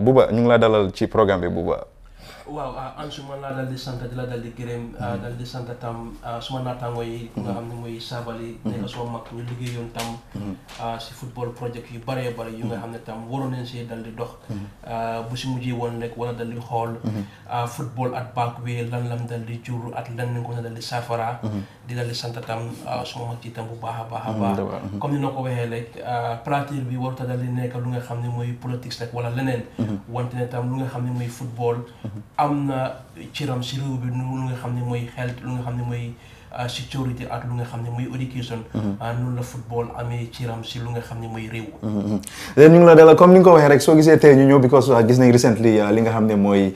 Bouba ñu ngi laa dalal ci programme bi Bouba waaw ah, laa dal di sant di la dal di gërëm ah, mm-hmm. dal di sant tam ah, suma naataango yi mm-hmm. ku nga xam ne mooy saabali nekk suma mag ñu liggéeyoon tam mm-hmm. ah, si football project yu bare bari yu nga xam ne tam waroon nañ see dal di dox bu si mujjee woon wala dal di xool football at back lalam lan lam dal di jur at lan nañ ko dal di safara di dal di sant tam suma mag ci tam bu baax a baax a baax comme ni na ko waxee rek pratique bi warta dal di nekk lu nga xam ne mooy politique rek wala leneen wante ne tam lu nga xam ne football am na cëram si réew bi lu nga xam ne mooy health lu nga xam ne mooy ah, sécurité ak lu nga xam ne mooy éducation. Mm-hmm. Ah, noonu la football amee cëram si lu nga xam ne mooy réew. léegi mm-hmm. eh, ñu ngi la dalal comme ni nga ko waxee rek soo gisee tey ñu ñëw because ah, gis nañ recently li nga xam ne mooy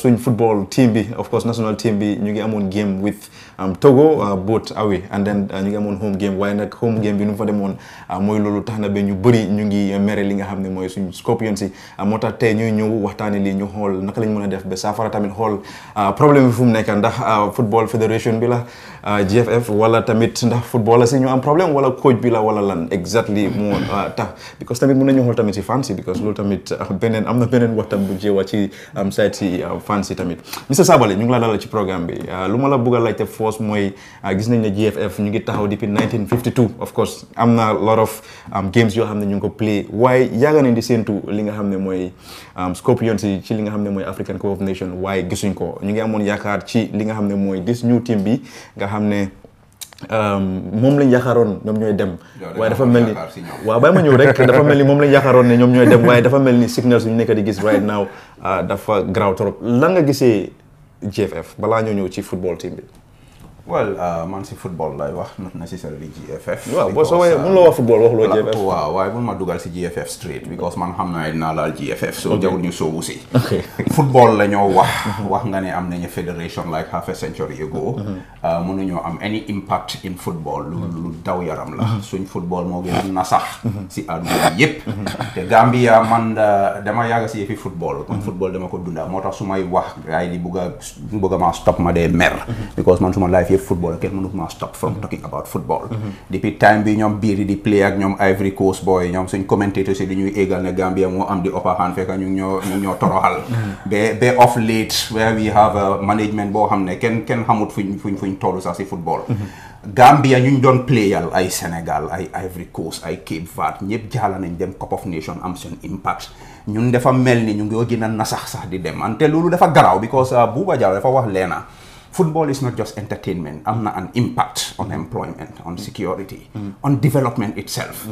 suñ football team bi of course national team bi ñu ngi amoon game with. um, Togo uh, both ah away and then uh, ñu ngi amoon home game waaye nag home game bi nu mu fa demoon uh, mooy loolu tax na ba ñu bëri ñu ngi mere li nga xam ne mooy suñu scorpions yi uh, moo tax tey ñuy ñëw waxtaane lii ñu xool naka lañ mën a def ba saafara tamit xool problème bi fu mu nekk ndax football fédération bi la Euh, GFF wala tamit ndax football si ñu am problème wala kooj bi la wala lan exactly moo euh, tax because tamit mun nañu xool tamit si fans yi loolu tamit euh, beneen am na beneen waxtaan bu jéewa ci um, site si fans yi tamit monsieur Sabally ñu ngi la dalal ci programme bi lu ma la bëgg a laajte force mooy gis nañ ne GFF ñu ngi taxaw depuis 1952 of course am na lot of um, games yoo xam ne ñu ngi ko play waaye yàgg nañ di séentu li nga xam ne mooy um, Scorpions yi ci li nga xam ne mooy African Cup of Nations waaye gisuñ ko ñu ngi amoon yaakaar ci li nga xam ne mooy this new team bi xam ne euh, moom lañ yaakaaroon ñoom ñooy dem waaye dafa mel ni waaw bàyyi ma ñëw rek dafa mel ni moom lañ yaakaaroon ne ñoom ñooy dem waaye dafa mel ni signal suñu nekk di gis right now ah, dafa graw trop lan nga gisee GFF balaa ñoo ñëw ci football team bi well uh, man si football lay wax not necessarily GFF. Well, boo saya, mun la wax football GFF. Wah, waaye mun ma dugal si GFF straight because man xam naa dinaa GFF. so jawul ñu soobu si. football la ñoo wax. wax nga ne am nañu federation like half a century ago. Uh-huh. Uh, mënuñoo am any impact in football. lu lu daw yaram la. Uh-huh. suñ football mau gën a si àdduna Yip, yëpp. te Gambia man dama ya gak si football. kon uh-huh. football dama ko dunda moo tax su may wax gay di bugg stop ma mer. because man suma life hear football kenn mënu maa stop from talking about football depuis time bi ñoom biiri di play ak ñoom Ivory Coast boy ñoom suñ commentators yi di ñuy égal ne Gambia moo am di upper hand fekk ñu ñoo ñu ñoo toroxal ba ba a ñun dafa mel ni ñu ngi gën a nasax sax di dem ante loolu dafa garaaw because uh, Buuba Jallow dafa wax leena football is not just entertainment am na an impact on employment on security on development itself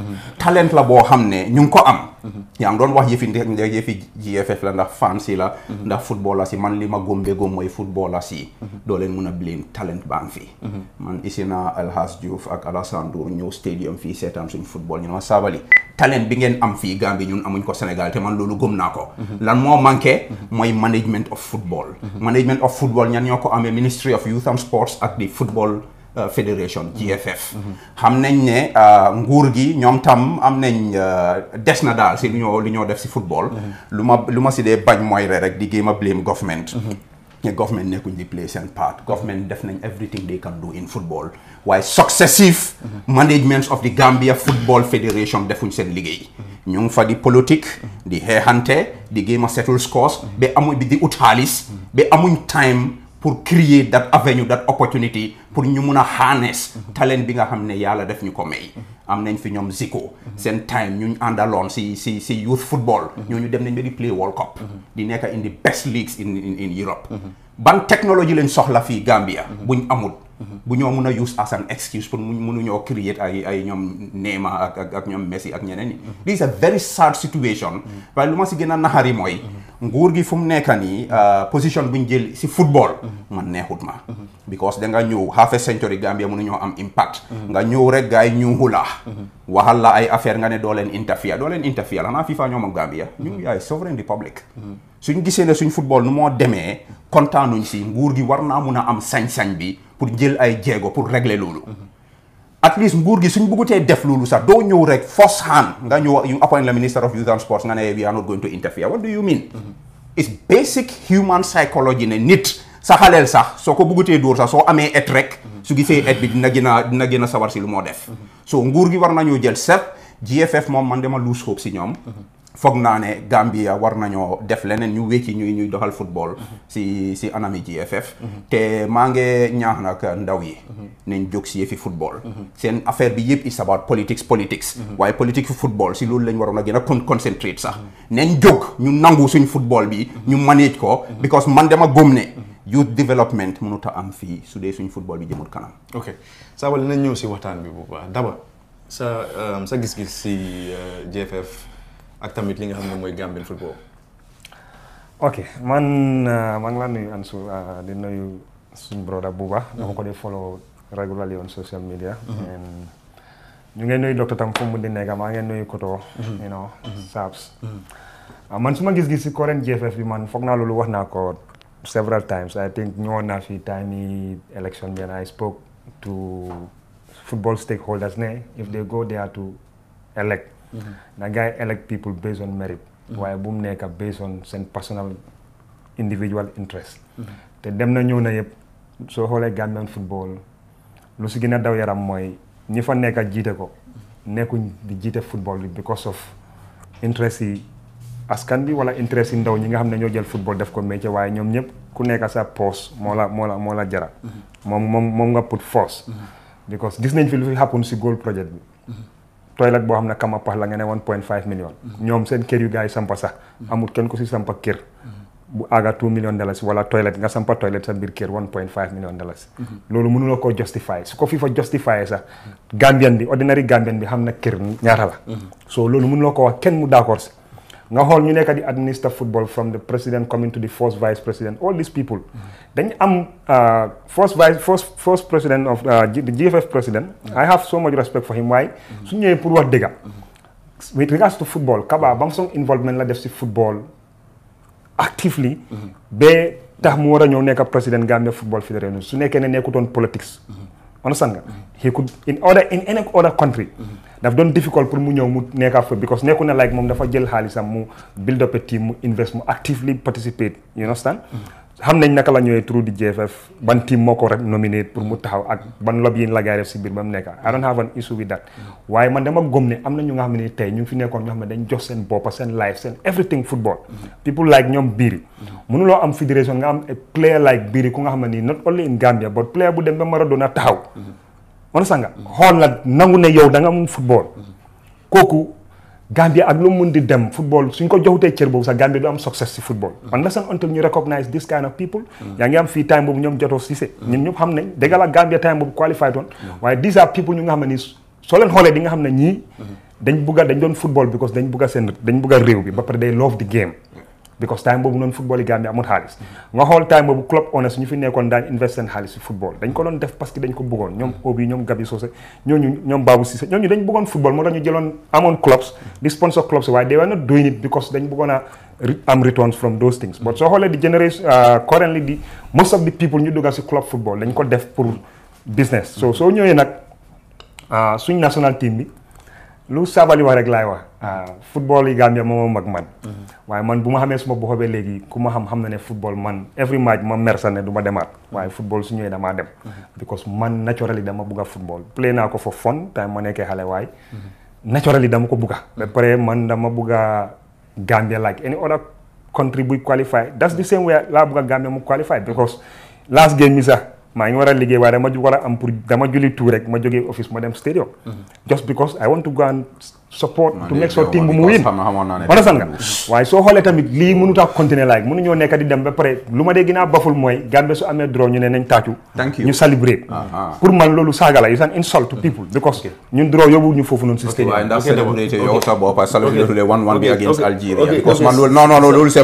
talent la boo xam ne ñu ngi ko am yaa ngi doon wax yëfi yëfi GFF la ndax fans yi la ndax footballers yi man li ma gómbe góom mooy footballers yi doo leen mun a blame talent baa ngi fi man isina Alhas Diouf ak Alassane Ndour ñëw stadium fii seetaan suñ football ñu ne ma Sabally talent bi ngeen am fii Gambie ñun amuñ ko Sénégal te man loolu gëm naa ko lan moo manqué mooy management of football Ministry of Youth and Sports ak di Football uh, Fédération mm-hmm. GFF. Mm-hmm. xam nañ ne uh, nguur gi ñoom tam am nañ uh, des na daal si lu ñoo lu ñoo def si football. Mm-hmm. lu ma lu ma si dee bañ mooy rek di géem a blame government. ne government nekkuñ di play seen part government def nañ everything they can do in football waaye successive managements of the Gambia Football Federation defuñ seen liggéey ñu ngi fa di politique di xeexante di géem a settle scores ba amuñ di ut xaalis ba amuñ time pour create that avenue that opportunity pour ñu mun a harness talent bi nga xam ne yàlla def ñu ko may am nañ fi ñoom Zico seen time ñu àndaloon si si si youth football ñu dem nañ ba di play World Cup di nekk in the best leagues in Europe ban technologie lañ soxla fii Gambia buñ amul bu ñoo mun a use as an excuse pour mu mënuñoo create ay ñoom Neymar ak ak ñoom Messi ak ñeneen ñi this is a very sad situation waaye lu ma si gën a naxari mooy nguur gi fu mu nekk nii euh, position bu ñu jël si football. Mhm. man neexut ma. Mhm. because da nga ñëw half a century Gambia mënuñoo am impact. Mhm. nga ñëw rek gars yi ñu la. waxal la ay affaire nga ne doo leen interfere doo leen interfere xanaa FIFA ñoom ak Gambia. ñu yaay sovereign republic. suñ gisee ne suñ football nu moo demee kontaanuñ si nguur gi war naa mun a am sañ-sañ bi pour jël ay jéego pour régler loolu. at least nguur gi suñ bëggutee def loolu sax doo ñëw rek force hand nga ñëw ñu appoint the minister of youth and sports nga ne we are not going to interfere what do you mean it's basic human psychology ne nit sa xaleel sax soo ko bëggutee dóor sax soo amee et rek su gisee et bi dina gën a dina gën a sawar si lu moo def so nguur gi war nañoo jël set GFF moom man dema lose hope si ñoom foog naa ne ya war nañoo def leneen ñu wécci ñuy ñuy doxal football. si si anami GFF. te maa ngi ñaax nag ndaw yi. nañ jóg si yëfi football. seen affaire bi yëpp is about politics politics. waaye politique fi football si loolu lañ waroon a gën a concentrate sax. nañ jóg ñu nangu suñ football bi. ñu manage ko. because man dema góom ne. youth development mënut a am fii su dee suñ football bi jëmul kanam. ok saa wala nañ ñëw si waxtaan bi bu baax daba sa euh, sa gis-gis si euh, GFF. ak tamit li nga xam ne mooy Gambian football. ok man eh, maa ngi laa nuyu Ansu eh, di nuyu suñu broda Buba. dama mm. ko di follow regularly on social media. ñu mm-hmm. ngeen nuyu docteur tam fu mu di nekk maa ngeen nuyu Koto. Mm-hmm. you know mm-hmm. Saabs. Eh, man su ma gis-gis si current GFF bi man foog naa loolu wax naa ko several times I think ñëwoon naa fi time yi election bi I spoke to football stakeholders ne if they go there to elect. Mm-hmm. na guy elect people based on merit. Mm-hmm. waaye bu neka based on sen personal individual interest. Mm-hmm. te dem na ñëw na yëpp soo xoolee Gambian football lu si gina daw yaram mooy ñi fa nekk ko nekkuñ di jite football because of interest yi askan bi wala interest yi ndaw ñi nga xamne ñoo jël football def ko métier waye ñom ñep ku nekk sa poste mo la mo la mo la jara mom mom mom nga put force because gis nañ fi lu fi happen si goal project. bi toilette boo xam ne a pax la nga ne one point five million ñoom seen kër yu gars yi sampa sax mm-hmm. amul kenn ku si sampa kër mm-hmm. bu aaga two million dollars wala toilette nga sampa toilette sa biir kër one point million dollars mm-hmm. loolu mënuloo koo justify su ko fi fa justify sax Gambian bi ordinary Gambian bi xam na kër ñaata la so loolu mënuloo ko wax kenn mu d'accord si nga xool ñu nekk di administer football from the president coming to the first vice president all these people dañ am uh, first vice first first president of uh, the GFF president I have so much respect for him waaye su ñëwee pour wax dëgga with regards to football Kaba ba mu involvement la def si football actively ba tax mu war a ñëw nekk président Gambia Football Federation su nekkee ne nekkutoon politics mhm. understand nga he could in other in any mhm. daf doon difficult pour mu ñëw mu nekkaat fa because nekku ne like moom dafa jël xaalisam mu build up a team mu invest mu actively participate you understand xam nañ naka la ñëwee through di GFF ban team moo ko rek nominate pour mu taxaw ak ban lob yi la gaa si biir ba mu nekk I don't have an issue with that waaye man dama gëm am na ñu nga xam ne tey ñu fi nekkoon ñoo xam ne dañ jox seen bopp seen life seen everything football people like ñoom Biri mënuloo am fédération nga xam ne nii not only in Gambia but player taxaw man sax xool nag nangu ne yow danga nga am football kooku Gambia ak lu mu mën di dem football suñ ko joxutee cër boobu sax Gambia du am success si football. Mm. man la sax until ñu recognize this kind of people. Mm. yaa ngi am fii time boobu ñoom jotoo Cissé. Mm. ñun ñëpp xam nañ dëgg la Gambia time boobu qualified woon. waaye these are people ñu nga xam ne nii soo leen xoolee di nga xam ne ñii. dañ bugg a dañ doon football because dañ bugg a seen dañ bugg a réew bi ba pare day love the game. because time boobu noonu football yi Gambia amul xaalis nga xool time boobu club honest ñu fi nekkoon daan invest seen xaalis si football dañ ko doon def parce que dañ ko bëggoon ñoom Obi ñoom Gabi Socé ñooñu ñoom Babou Cissé ñooñu a am returns from uh, business so soo ñëwee nag uh, suñ national team bi lu Sabali wax rek laay wax Ah, football yi Gambia mo mag man waye man buma xamé suma bobé légui kuma xam xam na ne football man every match ma mersa ne né duma démat waye football su ñëwee damaa dem because man naturally dama bugga football play na ko for fun time ma néké xalé way naturally dama ko bugga ba paré man dama bugga Gambia like any other country bu qualify that's the same way la bugga Gambia mu qualify because last game mi sax ma ngi wara a liggéey waaye dama war am pour dama julli tour rek ma jógee office ma dem stadium just because I want to go and support to make sure team bu mu win understand nga waaye soo xoolee tamit lii mënu tax continuer like mënuñoo nekk di dem ba pare lu ma dee gën a baful mooy Gambie su amee draw ñu ne nañ tàccu ñu celebrate pour man loolu saaga la it's an insult to mm-hmm. people because ñun draw yóbbu ñu foofu noonu si stadium sa bopp celebrate le one one bi against Algeria because man loolu non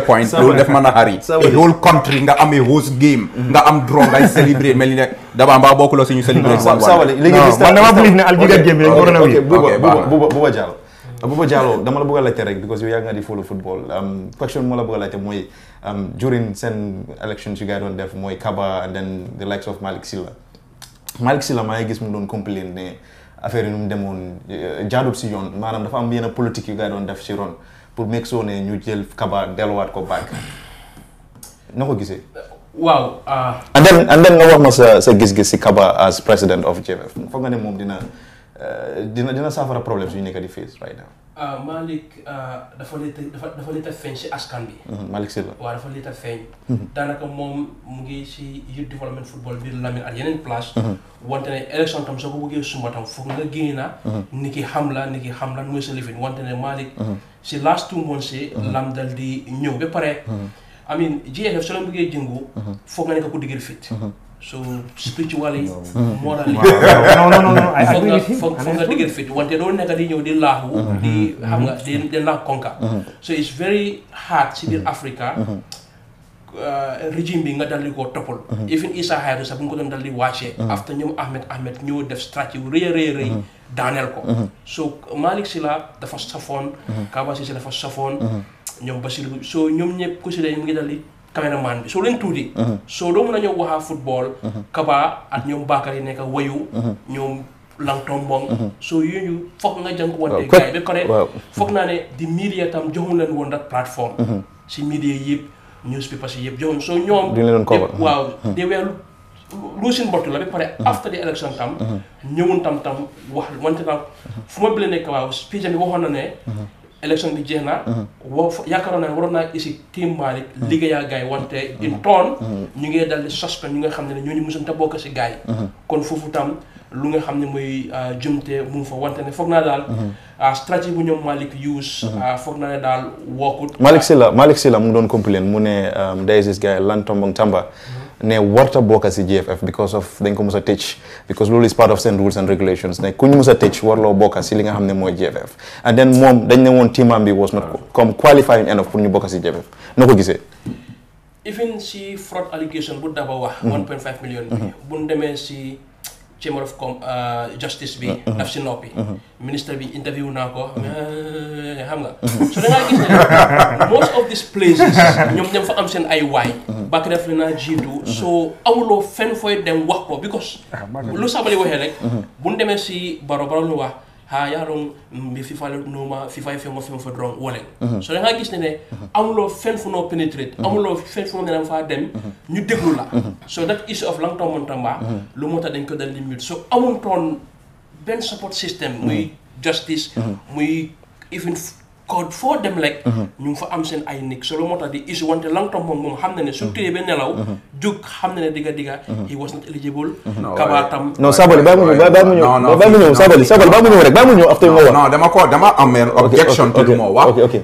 point loolu def ma na xari whole country nga amee host game mm-hmm. nga am draw ngay celebrate mel ni daba mbaa bokkuloo suñu célébrité sawale léegi man dama believe ne Aljiga Game bi dama la bëgg a rek because yow yaa nga di follow football um, question bi la bëgg a mooy um, during seen elections yu gars doon def mooy Kaba and then the likes of Malick Silla Malick Silla maa ngi gis mu doon complain ne affaire yi nu mu demoon eh, jaadut si yoon maanaam dafa am yenn politique yu gars doon def si ron pour make sure ne ñu jël Kaba delluwaat ko back na ko gisee waaw. Ah. and then and then nga wax ma sa sa gis-gis si Kaba as president of JMF foog nga ne moom dina eh, dina dina saafara problème suñu nekk di face right now. Ah, Malick ah, dafa leta feeñ si askan bi. Mhm, Malick Sylla waaw dafa leta feeñ. Mhm. daanaka moom mu ngi si youth development football bi Lamine ak yeneen place. Mhm. wante ne élection tam soo ko bëggee sumba tam foog nga génn na. ni ki xam la ni ki xam lan mooy sa lifin wante ne Malick. si last two months. lam dal di ñëw ba pare. I mean GFF soo leen bëggee jëngu. Mhm. foog nga nekk ku dëgër fit. Mhm. so spiritually. Mhm. morally non non non ay foog nga dëgër fit wante doo nekk di ñëw di laaxu. di xam nga di di laax so it's very hard si biir Africa. Uh, régime bi nga daldi koo toppal even Issa Hayatou sax bu nga ko doon daldi wàccee after ñoom Ahmed Ahmed ñoo def stratégie wu rëy rëy rëy ko so Malick Sylla dafa safoon Kaba Cissé dafa safoon ñoom Basiru soo ñoom ñëpp ku ngi dal cameraman soo leen tuuti. Uh-huh. soo a ñëw waxaa football. Uh-huh. Kaba ak ñoom nekk wayu. Uh-huh. ñoom Langton Mbong. soo yooyu foog nga jàng wante ba naa ne di media tam joxuñu leen woon nag si media yëpp newspaper si yëpp joxuñu soo ñoom. duñu leen ko waaw de weer losing battle la ba pare after the election tam. ñëwun tam tam wax wante tam fu ma bilee nekk waaw speech bi waxoon na ne. élection bi jeex na. Uh-huh. woo fa yaakaaroon naa waroon naa isi team Malick. Uh-huh. liggéeyaa gars yi wante une uh-huh. tonne. ñu ngi dal di suspect ñu nga xam ne ñooñu mosoon te bokk si gars yi. kon foofu tam lu nga xam ne mooy uh, jumte mu fa wante ne foog naa daal. Uh, stratégie bu ñoom Malick use. Uh, foog naa ne daal wokkut. Malick Sylla Malick la mu ngi doon complain mu ne um, Diaziz gars yi lan tombong tamba. ne warta bokka si GFF because of dañ ko mos a tëj because loolu is part of seen rules and regulations ne ku ñu mos a tëj warloo bokka si li nga xam ne mooy GFF and then moom dañ ne woon teamam bi was not comme qualifying enough pour ñu bokka si GFF noo ko gisee even si fraud allegation bu dafa wax 1.5 mm-hmm. million mm-hmm. demee si chamber of com uh, justice bi. Uh-huh. daf si noppi. Uh-huh. ministre bi interview naa ko. Uh-huh. Eh, xam nga. so da ngaa gis ne most of these places. ñoom ñoom fa am seen ay waay. bakk def naa jiitu. so awloo fen fooy dem wax ko because. Ah, lu sabali waxee rek. bu ñu demee si baro baro lu wax. ha ya lon mbe fifa noma fifa e fengo fen fo dron wolen so da gis ne ne mhm. amuloo fen fu noo pénétrer mhm. amuloo fen fu noo ne faa dem mhm. ñu déglu la so that issue of lang tombon tamba lu moo tax dañ ko dal di mute so amun toon benn support system muy justice muy even code foo dem rek. Mhm. ñu dama ko dama amee objection to lu ma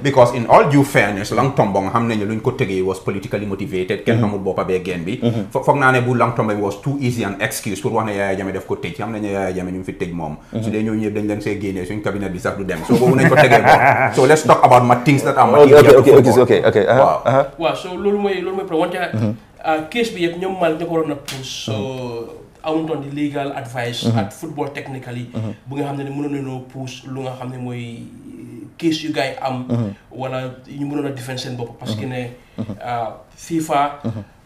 because in all due fairness lang tom nga xam luñ ko tegee was politically motivated. kenn mhm. xamul boppa bee geen bi. Mhm. foog naa ne bu lang was too easy an excuse pour wax ne Yaya def ko tëj xam nañu Yaya Jammeh ñu fi tëj moom. su dee ñëw ñëpp dañ leen see génnee suñ cabinet bi sax du dem so boobu nañ ko tegee moom let's talk about my things that I'm okay, okay, okay, okay, uh-huh, okay. Uh-huh. Mm-hmm. Uh -huh. Wow. Uh -huh. wow. So lolu moy lolu moy wante case bi yëpp ñoom mal ñu ko waroon a push so mm-hmm. amutoon di legal advice mm-hmm. ak football technically bu nga xam ne ne mënoon nañoo push lu nga xam ne mooy eh, case yu gars yi am wala ñu mënoon a défendre seen bopp parce que ne uh, FIFA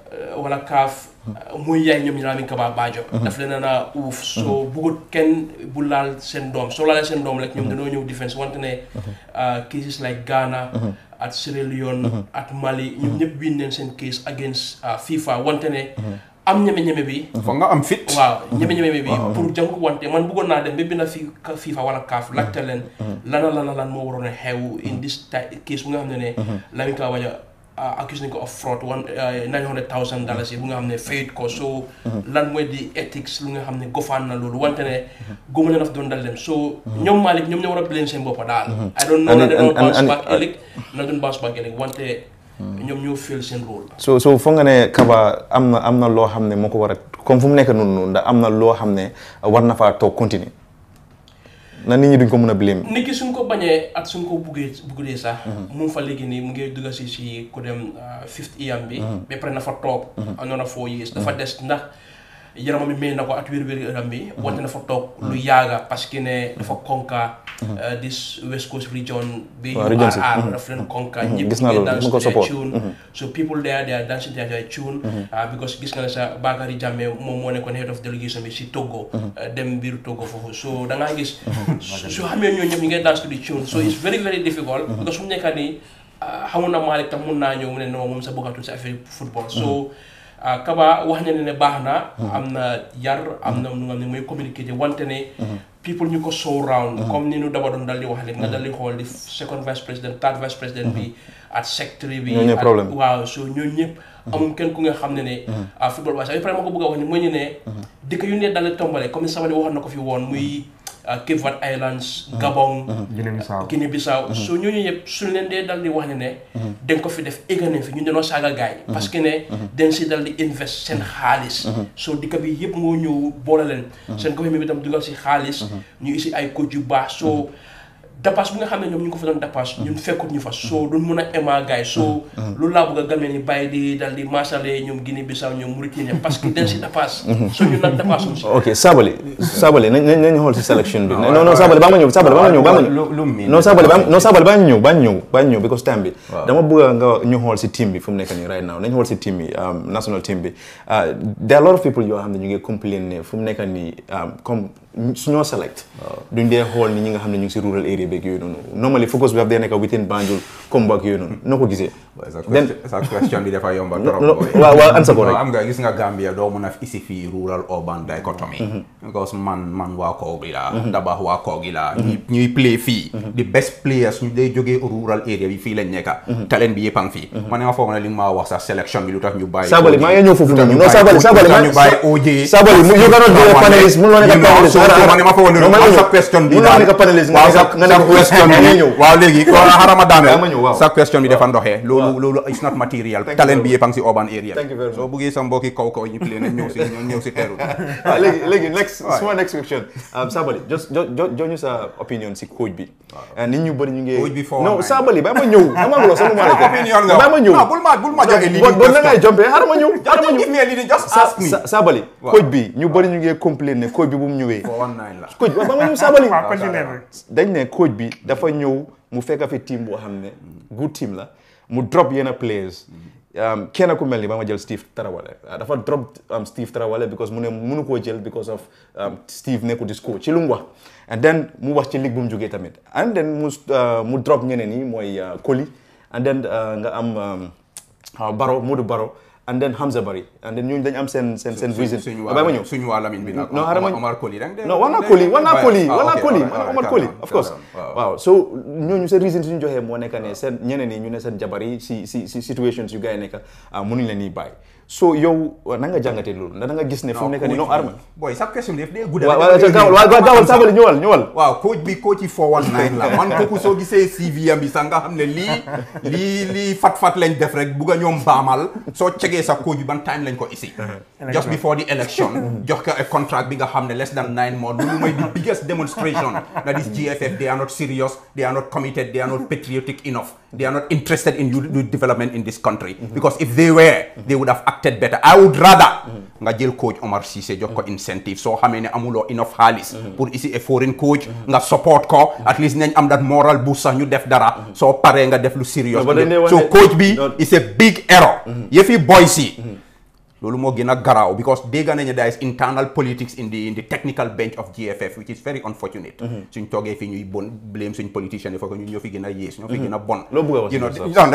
Euh, wala kaaf euh, muy yaay ñoom ñaar mi Kaba Bajo mhm. daf leen a uuf soo mhm. kenn bu laal seen doom soo laalee seen doom ñoom mhm. dañoo ñëw défense wante ne ah, cases like Ghana at Sierra Leone at Mali ñoom ñëpp win neen seen case against ah, FIFA wante am ñeme bi fa nga am fit waaw ñeme-ñeme bi pour jànku naa dem ba bind fi FIFA wala kaaf laajte leen lana lana lan moo waroon a xew in this case bu nga xam ne ne Lamin Kaba Bajo accuse nañ ko of fraud one eh, nine hundred thousand dollars yi bu nga xam ne fayit ko so lan mooy di ethics lu nga xam ne gofaan na loolu wante ne góoma na daf doon dal dem so ñoom Malick ñoom ñoo war a bileen seen boppa daal mhm. I don't know ne doon bounce back na doon bounce back ëllëg wante ñoom ñoo feel seen rôle so so foog nga ne Kaba am na am na loo xam ne moo ko war a comme fu mu nekk noonu noonu ndax am na loo xam ne war na faa toog continuer na nit ñi duñ ko mën a blame. nit ki suñ ko bañee ak suñ ko buggee buggee sax. mu fa léegi nii mu ngi dugal si si ku dem euh, fifth iyam e bi. ba mhm. pare na fa toog. Mhm. am na foo years mhm. dafa des ndax. yaramam mi may na ko ak wér-wér yaram mi mhm. wante dafa toog mhm. lu yaaga parce que ne dafa konka mhm. euh, this west coast region bi dafa leen konka ñëpp gis naa loolu ko support so people there ah, gis nga ne sa Bakary Jammeh moom moo nekkoon head of delegation bi si Togo ah, dem biir Togo foofu so da ngaa gis su xamee ñoo ñëpp ñu ngay dance to the ah, na Malick tam mun naa ñëw mu ne non moom sa bëggatul si affaire football so Euh, Kaba wax na ne ne baax na. am na yar am na nu nga ne mooy communiqué wante ne. people ñu ko show round. Mm-hmm. comme ni ñu dama doon dal di wax léegi nga mm-hmm. dal di xool di second vice président third vice président bi. Mm-hmm. ak secretary bi waaw so ñooñu ñëpp. amul kenn ku nga xam ne ne. Ah, football waaye sax après ma ko bëgg a wax ni mooy ñu ne. dëkk yu ne dalee tombale comme ni sama waxoon na ko fi woon muy. Uh, Cape Verde Islands. Uh-huh. Gabon. Uh-huh. Uh, Guinée Bissau Guinée Bissau. Uh-huh. su ñooñu su suñ leen dee dal di wax ne ne. dañ ko fi def eggal fi ñu dañoo saaga gaay yi. parce que ne dañ si dal di invest seen xaalis. so dikka bi yëpp moo ñëw boole leen. seen gouvernement bi tam dugal si xaalis. ñu isi ay coach yu baax soo. dapaas bi nga mm-hmm. a ema mm-hmm. mm-hmm. gaay que den si dapaas soo ñu nag dapaasum si ok Sabaly Sabaly nañ nañ xool si ñëw Sabaly si team bi fu mu nii nañ xool si team bi um, national team bi uh, there are of people yoo xam ne ñu ngi complain ne fu mu nii um, comme select duñ dee xool ni ñi nga xam ne ñu si rural area liggéey beeg yooyu noonu normally focus bi daf dee nekk within Banjul comme baag yooyu noonu noo ko gisee. den sa question bi dafa yomba trop. waaw waaw ansa ko rek am nga gis nga Gambia doo mun a isi fii rural urban dichotomy. Mm-hmm. because man man waa koo gi la. dabax mm-hmm. waa koo gi la. Mm-hmm. ñuy play fii. the best players ñu day jógee rural area bi fii lañ nekk. talent bi yëpp a ngi fii. man ma foog ne li ma wax sax sélection bi lu tax ñu bàyyi. sabali maa ngi ñëw foofu noonu non sabali sabali maa ñu bàyyi OJ. sabali you cannot be a panelist mënuloo nekk panelist. ma ne ma foog ne sa question bi daal waaw question bi waaw léegi xarama daaneel sa question bi dafa ndoxee loolu loolu it's not material talent bi yëpp a si urban area soo bëggee sa mbokki kaw kaw ñu play nañ ñëw si sa opinion si coach uh, ba ma ñëw dama la sama ba ma ñëw bul ma bul ma joxe lii bon na ngay jompe xarama ñëw bi ñu bëri ñu ngi complain ne coach bi bu mu ñëwee coach coach bi dafa ñëw mu fekk fi team boo xam ne good team la mu drop yenn players um, kenn ku mel ni ba ma jël Steve Tarawale ah, dafa drop um, Steve Tarawale because mu ne munu koo jël because of um, Steve nekkul dis coach ci lu mu wax and then mu wax ci ligue bu mu jógee tamit and then mu uh, mu drop ñeneen yi mooy uh, Koli and then uh, nga am Baro Modou Baro and then Hamza Bari and then ñooñu dañ am seen seen seen reason ah, ba ma ñëw suñu waa Lamine bi nag non xaaral ma Omar Koli rek Koli war Koli ah, war Koli Omar Koli of course waaw so ñooñu seen reason suñu joxee moo nekk ne seen ñeneen yi ñu ne seen jabar yi si si si situations yu gars yi nu ah, mënuñu leen nii bàyyi so yow na nga jàngatee loolu ndax da nga gis ne fu mu nekk nii non arme booy sa question bi daf dee gudd waaw gaawal bi coach yi la am bi sax lii lii fat-fat lañ def rek bugg a ñoom baamal soo cegee sa coach bi ban time lañ ko isi just before the election jox ko a contract bi nga xam ne less than nine months loolu mooy the biggest demonstration that is GFF they are not serious they are not committed they are not patriotic enough They are not interested in youth development in this country. Because if they were, they would have acted better. I would rather nga jël coach Omar Cissé jox ko incentive soo xamee ne amuloo enough xaalis. pour isi a foreign coach. nga support ko at least nañ am that moral boost sa ñu def dara. soo paree nga def lu serious. so coach bi is a big error. yëfi boys yi. loolu moo gën a garaaw because dégg nañu there is internal politics in the in the technical bench of GFF which is very unfortunate mm-hmm. suñ toogee fii ñuy blame suñ politician yi ñu ñoo fi gën a yées ñoo fi mm-hmm. gën a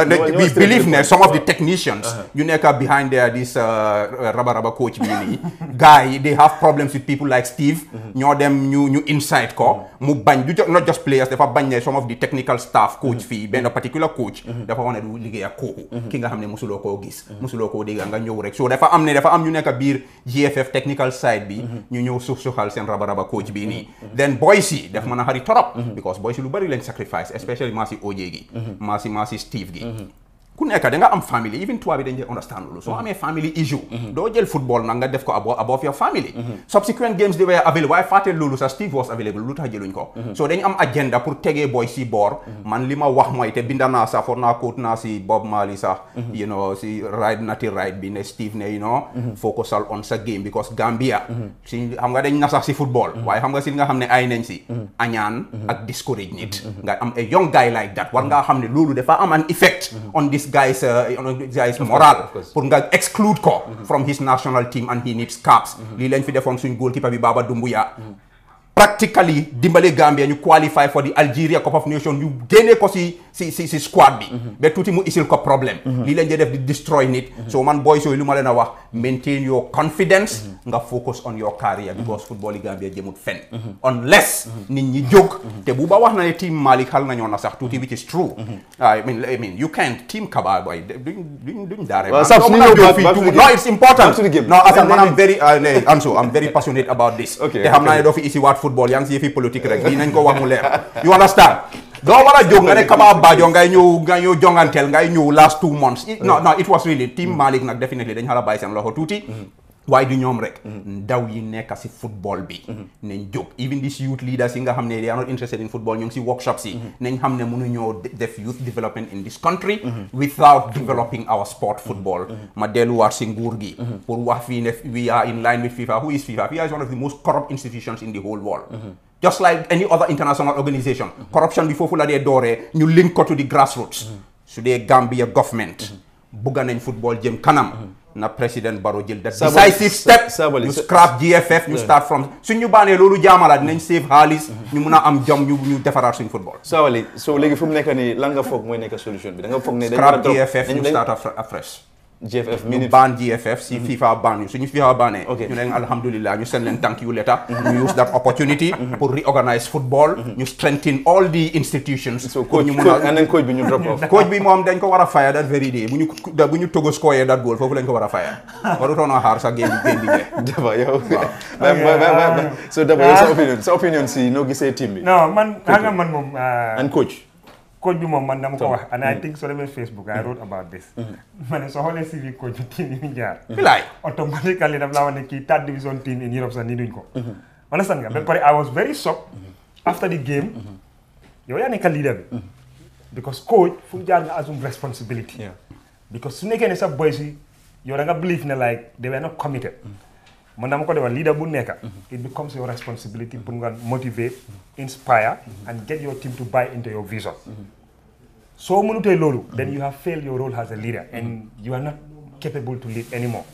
the uh-huh. technicians ñu uh-huh. nekk behind there this raba uh, raba coach bii nii gars yi they have problems with people like Steve mm-hmm. ñoo dem ñu ñu insight ko mu bañ du not just players dafa bañ ne some of the technical staff coach fii benn particular coach dafa wax ne du liggéey ak kooku ki nga xam ne mosuloo koo gis mosuloo koo dégg nga ñëw rek am ne dafa am ñu nekk biir GFF technical side bi ñu ñëw suuf suxal seen raba raba coach bii nii then boys yi def mën a xari torop because boys yi lu bari lañ sacrifice especially maa si OJ gi maa si maa si Steve gi ku nekk da nga am family even tubaab mm-hmm. issue mm-hmm. doo jël football nag def ko above your family mm-hmm. subsequent games di were available waaye fàtte loolu sax Steve was available lu tax jëluñ ko so dañ am agenda pour tegee boy si boor man li ma wax mooy te binda naa sax for naa kóot na si Bob Marley sa you know si ride nati ride bi ne Steve ne focusal on sa game because Gambia si xam nga dañ na sax si football waaye xam nga si nga xam ne ay nañ si añaan ak discourage nit nga am a young guy's, uh, you know, guy's moral pour nga exclude ko mhm. from his national team and he needs caps mhm. lii lañ fi defoon suñ goalkeeper bi Baba Doumbouya mhm. practically dimbale Gambia ñu qualify for the Algeria Cup of Nations ñu génnee ko si squad bi. Mhm. ba tuuti mu isil ko problème. Mhm. lii leen di def di destroy nit. Mhm. so man boys yooyu lu ma leen a wax maintain your confidence. nga focus on your career. because football yi Gambia jëmut fenn. unless nit ñi te bu ba wax na ne team Malick xal nañoo na sax tuuti which is true. I mean I important. no as I'm very te xam naa ne doo fi isiwaat football yaa ngi si yëfi politique rek lii nañ ko wax mu leer you understand doo war a jóg nga ne Kaba Bajo ngay ñëw ngay ñëw jonganteel ngay ñëw last two months no no it was really team Malick nag definitely dañ xala bàyyi seen loxo tuuti waaye du ñoom rek mhm. ndaw yi nekk si football bi mhm. nañ jóg even these youth leaders yi nga xam ne they are not interested in football ñu ngi si workshops yi mhm. nañ xam ne mënuñoo def youth development in this country without developing our sport football ma delluwaat si nguur gi pour wax fii ne we are in line with FIFA who is FIFA FIFA is one of the most corrupt institutions in the whole world just like any other international organization corruption bi foofu la dee dooree ñu link ko to jëm kanam na président Barrow jël des decisive step ñu scrap GFF ñu start from suñ ñu baanee loolu jaamalaat dinañ save xaalis ñu mun a am jom ñu ñu defaraat suñ football Sabally so léegi fu mu nii lan nga foog mooy nekk solution bi da nga foog ne scrap GFF ñu start afresh GFF minute ban GFF si mhm. FIFA ban suñu FIFA banee ñu leen alhamdulillah ñu seen leen thank you letter mhm. ñu use that opportunity mhm. pour reorganize football ñu strengthen all the institutions a coach bi moom dañ ko war a fire that very day bu ñu bu ñu that goal foofu lañ ko war a fire warutoon a xaar game game bi daba yow so daba yow ah. sa opinion si noo gisee team bi non man xam man moom ah. coach bi moom man dama ko wax. and I mm. think soo demee Facebook I mm. wrote about this. Mm. ma ne soo xoolee CV coach bi team yi ñu jaar. bilaay automatically daf laa wax ne kii third division team in Europe sax nii duñ ko. Mm-hmm. understand nga ba pare I was very shocked. Mm-hmm. after the game. Mm-hmm. yow yaa nekk leader bi. because coach fu jaar nga assume responsibility. because su nekkee ne sa boys yi yow da nga believe ne like they were not committed. man dama ko demal leader bu nekka it becomes your responsibility pour nga motivate inspire and get your team to buy into your vision soo mënutee loolu then you have failed your role as a leader and you are not capable to lead anymore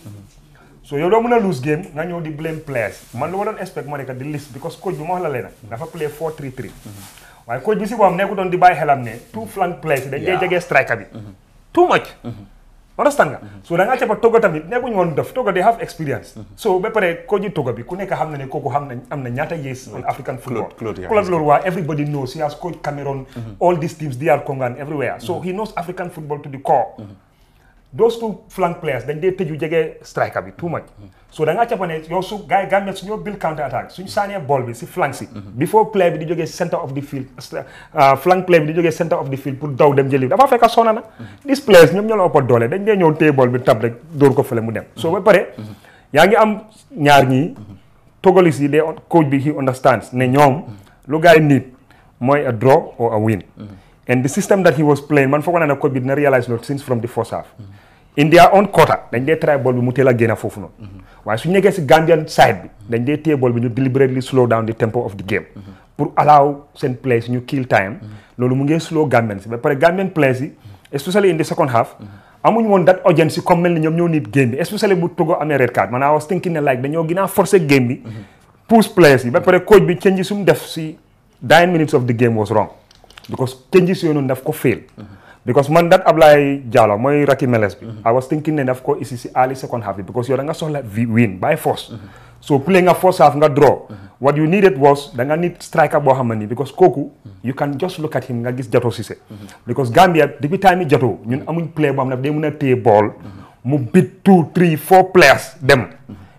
so yow doo mën a lose game nga ñëw di blame players man lu ma doon expect moo nekk di list because coach bi ma wax la leena dafa play 4 3 3 waaye coach bi si boppam nekku doon di bàyyi xelam ne two flank players dañ dee jegee striker bi understand nga so da ngaa ca ba togga tamit nekkuñu woon def togga they have experience mm-hmm. so ba pare koo ji togga bi ku nekk xam na ne kooku xam na am na ñaata years on African football Claude Loroy everybody knows he has coached Cameroon mm-hmm. all these teams they are Congo and everywhere so mm-hmm. he knows African football to the core those two flank players dañ dee tëju jege striker bi too much so da ngaa capane yow su gars yi Gambia suñoo build counter attack suñu saanee ball bi si flank si mhm. before player bi di jógee centre of the field ah, flank player bi di jógee centre of the field pour daw dem jëli dafa fekk sona na mhm. these players ñoom ñoo la ëpp doole dañ dee ñëw téye ball bi tab rek dóor ko fële mu dem so ba pare mhm. yaa ngi am ñaar ñii togolis yi dee coach bi he understands ne ñoom lu gars yi need mooy a And the system that he was playing, man, for one another, didn't realize lot since from the first half. Mm -hmm. In their own quarter, then they try ball, we tell again fofu no. While soon you get the Gambian side, then they take ball, we deliberately slow down the of the game. Pour allow certain players, you kill time. Mm -hmm. Lolo mungi slow Gambians, but for Gambian players, especially in the second half. amuñ woon that audience yi comme mel ni ñoom ñoo nit game bi especially I ba pare coach bi change sum def si nine minutes of the game because changes yooyu noonu daf ko fail because man that Ablaye Jallow mooy Racky Meles bi I was thinking ne daf ko isi si early second half bi because yow da nga soxla win by force so play nga first half nga draw what you needed was da nga need striker boo xam ne nii because kooku you can just look at him nga gis Jato Cissé because Gambia depuis time yi Jato ñun amuñ play boo xam ne daf day a téye ball mu bit two three four players dem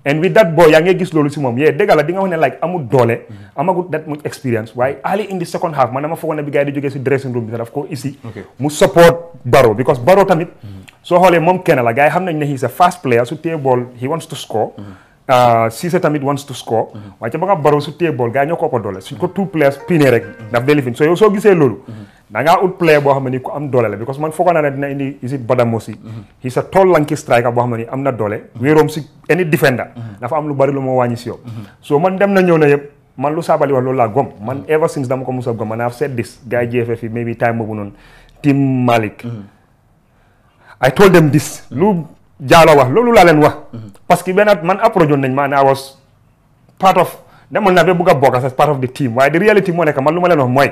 and with that boy yaa ngi gis loolu si moom yee dégg la di nga wax ne like amul doole mm-hmm. amagut that much experience waaye early in the second half man dama foogoon bi gars yi di jógee si dressing room bi sax daf ko isi mu support Barrow because Barrow tamit mm-hmm. soo xoolee moom kenn la gars yi xam nañ ne he a fast player su tee ball he wants to score mm-hmm. ah, Cissé tamit wants to score waaye ca ba nga Barrow su tee ball gars yi ñoo ko ëpp doole suñ ko two players piné soo gisee loolu da ngaa ut player boo xam ne ni ku am doole la because man foogoo naa ne dina indi Isip Badamosi. Mhm. he's a tall lanky striker boo xam ne am na doole. Mhm. wéeroom si any defender. Mhm. dafa am lu bari lu ma wàññi si yow. so man dem na ñëw na yëpp man lu saabali wax loolu laa gom man ever since dama ko mos a gom man I've said this gars yi GFF yi maybe time boobu noonu Tim Malik. I told them this. lu jaalo wax loolu laa leen wax. parce que benn man approche nañ ma and I was part naa a bokk as part of the nekk man lu ma leen mooy.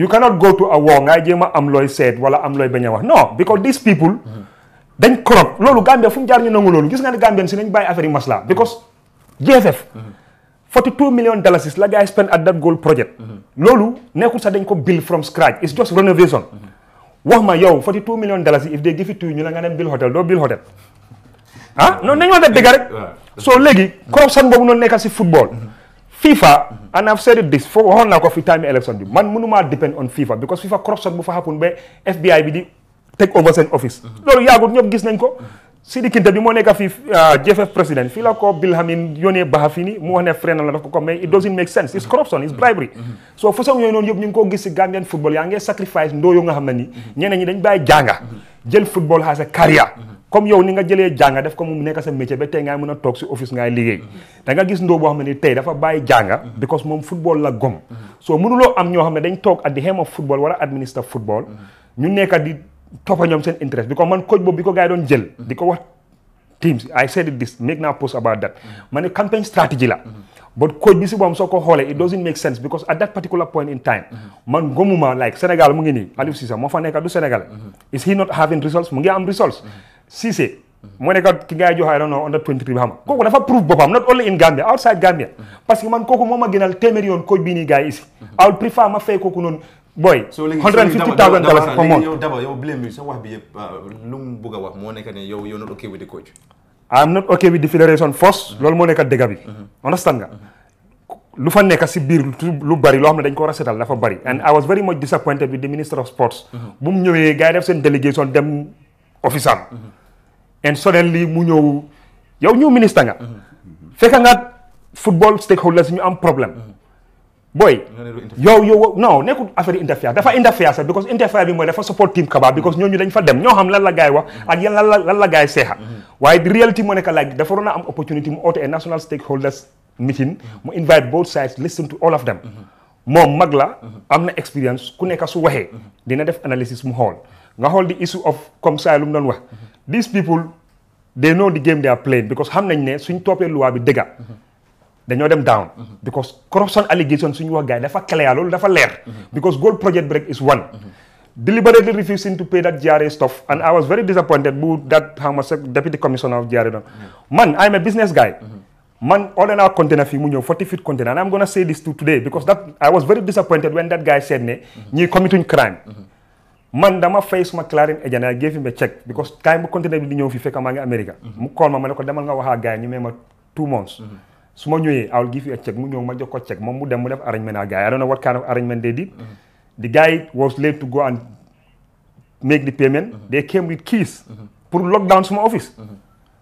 you cannot go to a war ngay jéem a am looy seet wala am looy bañ a wax non because these people dañ corrupt loolu Gambia fu mu jaar ñu nangu loolu gis nga ne Gambien si nañ bàyyi affaire yi masla because GFF 42 million dollars la gars yi spend at that goal project loolu nekkul sax dañ ko build from scratch it's just renovation wax ma yow 42 million dollars if they give it to you ñu la nga dem build hotel doo build hotel ah non nañu wax dëgg rek soo léegi boobu noonu nekkal si football FIFA and I've said it this fo waxoon ko fi time election bi man mënumaa depend on FIFA because FIFA corruption bu fa happen ba FBI bi di take over seen office mhm. loolu yàggul ñëpp gis nañ ko mhm. Sidi Kinte bi moo nekk fii ah, JFF président fii la ko Bilhamin yónnee Baha fii nii mu wax ne freinan la ko ko mais it doesn't make sense it's mhm. corruption it's bribery so façon yooyu noonu yëpp ñu ko gis si Gambian football yaa ngi sacrifice ndoo yoo nga xam comme yow ni nga jëlee jànga def ko mu nekk sa métier ba tey ngay mën a toog si office ngay liggéey da nga gis ndóo boo xam ne ni tey dafa bàyyi jànga because moom football la gom soo mënuloo am ñoo xam ne dañ toog at the helm of football a administer football ñu nekk di toppa ñoom seen interest because man coach boobu bi ko gars yi doon jël di ko wax teams I said this make naa post about that ma ne campaign strategy la but coach bi si boom soo ko xoolee it doesn't make sense mu ngi nii Aliou moo fa nekk du Sénégal is he not having am results Cissé mu nekk ki ngay joxaay noonu under 23 bi xam nga kooku dafa prove boppam not only in Gambia outside Gambia parce que man kooku moo ma gënal téeméer yoon coach bii nii gars yi I would prefer ma fay kooku noonu boy hundred fifty thousand dollars per month yow daba yow bi ah, a wax moo nekk ne yow you're not okay with moo nekk dëgg bi understand nga lu fa nekk si biir lu bari loo xam ne dañ ko war a setal dafa bari and I was very much disappointed with the minister of sports mu ñëwee gars and suddenly mu ñëw yow ñu ministre nga. Mhm. fekk nga football stakeholders ñu am problème. Mhm. boy yow yow non nekkul affaire interfere dafa interfere sax because interfere bi mooy dafa support team Kaba because mhm. ñooñu dañ fa dem ñoo xam lan la gaay wax ak yan lan la lan la gaay seexa waaye di reality moo nekk like dafa doon am opportunity mu oote a national stakeholders meeting mu invite both sides listen to all of them moom mag la am na experience ku nekk su waxee dina def analysis mu xool nga xool di issue of comme saa lu mu doon wax these people they know the game they are playing because xam nañ ne suñ toppee loi bi dëgga dañoo dem down because corruption allegation suñu wax gars yi dafa clair loolu dafa leer because gold project break is one deliberately refusing to pay that GRA stuff and I was very disappointed bu that how much deputy commissioner of GRA doon man I am a business guy man all in our container fii mu ñëw forty feet container and I'm gonna say this to today because that I was very man dama fay suma Clarin agent I gave him a check because kaay ma container bi di ñëw fi fekk maa ngi America mhm. mu call ma ma ne ko demal nga wax ak gars yi ñu may ma two months mhm. su ma ñëwee I will give you a check mu ñëw ma jox ko check moom mu dem mu def arrangement ak gars yi I don't know what kind of arrangement they did mhm. the guy was late to go and make the payment they came with keys pour lock down suma office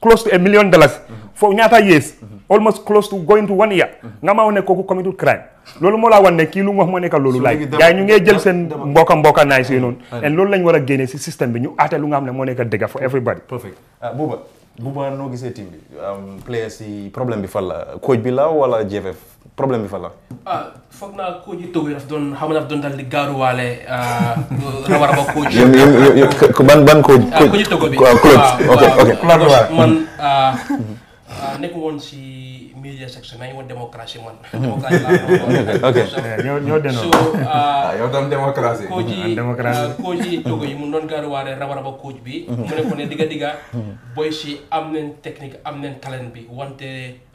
close to a million dollars for ñaata years almost close to going to one year nga ma ne kooku committed crime loolu moo laa wan ne kii lu mu wax moo nekk loolu laay yaa ñu ngee jël seen mbokka mbokka naay si mm-hmm. noonu and loolu lañ war a génnee si système bi ñu aate lu nga xam ne moo nekk dëgga for everybody bu baax noo gisee team bi um, players yi problème bi fan la coach bi la wala JFF problème bi fan la. ah foog naa coach yi Togo yi daf doon xam nga daf doon coach. ban coach. Ah, coach yi Togo bi waaw ah, ah, ok ok man uh, uh, nekk woon ci. media section nañu woon démocratie man. Mhm. démocratie laa ok ñoo ñoo denoo. Uh, ah, yow tam démocratie. kooji ah, uh, togo yi mu doon gaaruwaare raba-raba coach bi. Mhm. mu ne ko ne digga digga. Mhm. boy si am nañ technique am nañ talent bi wante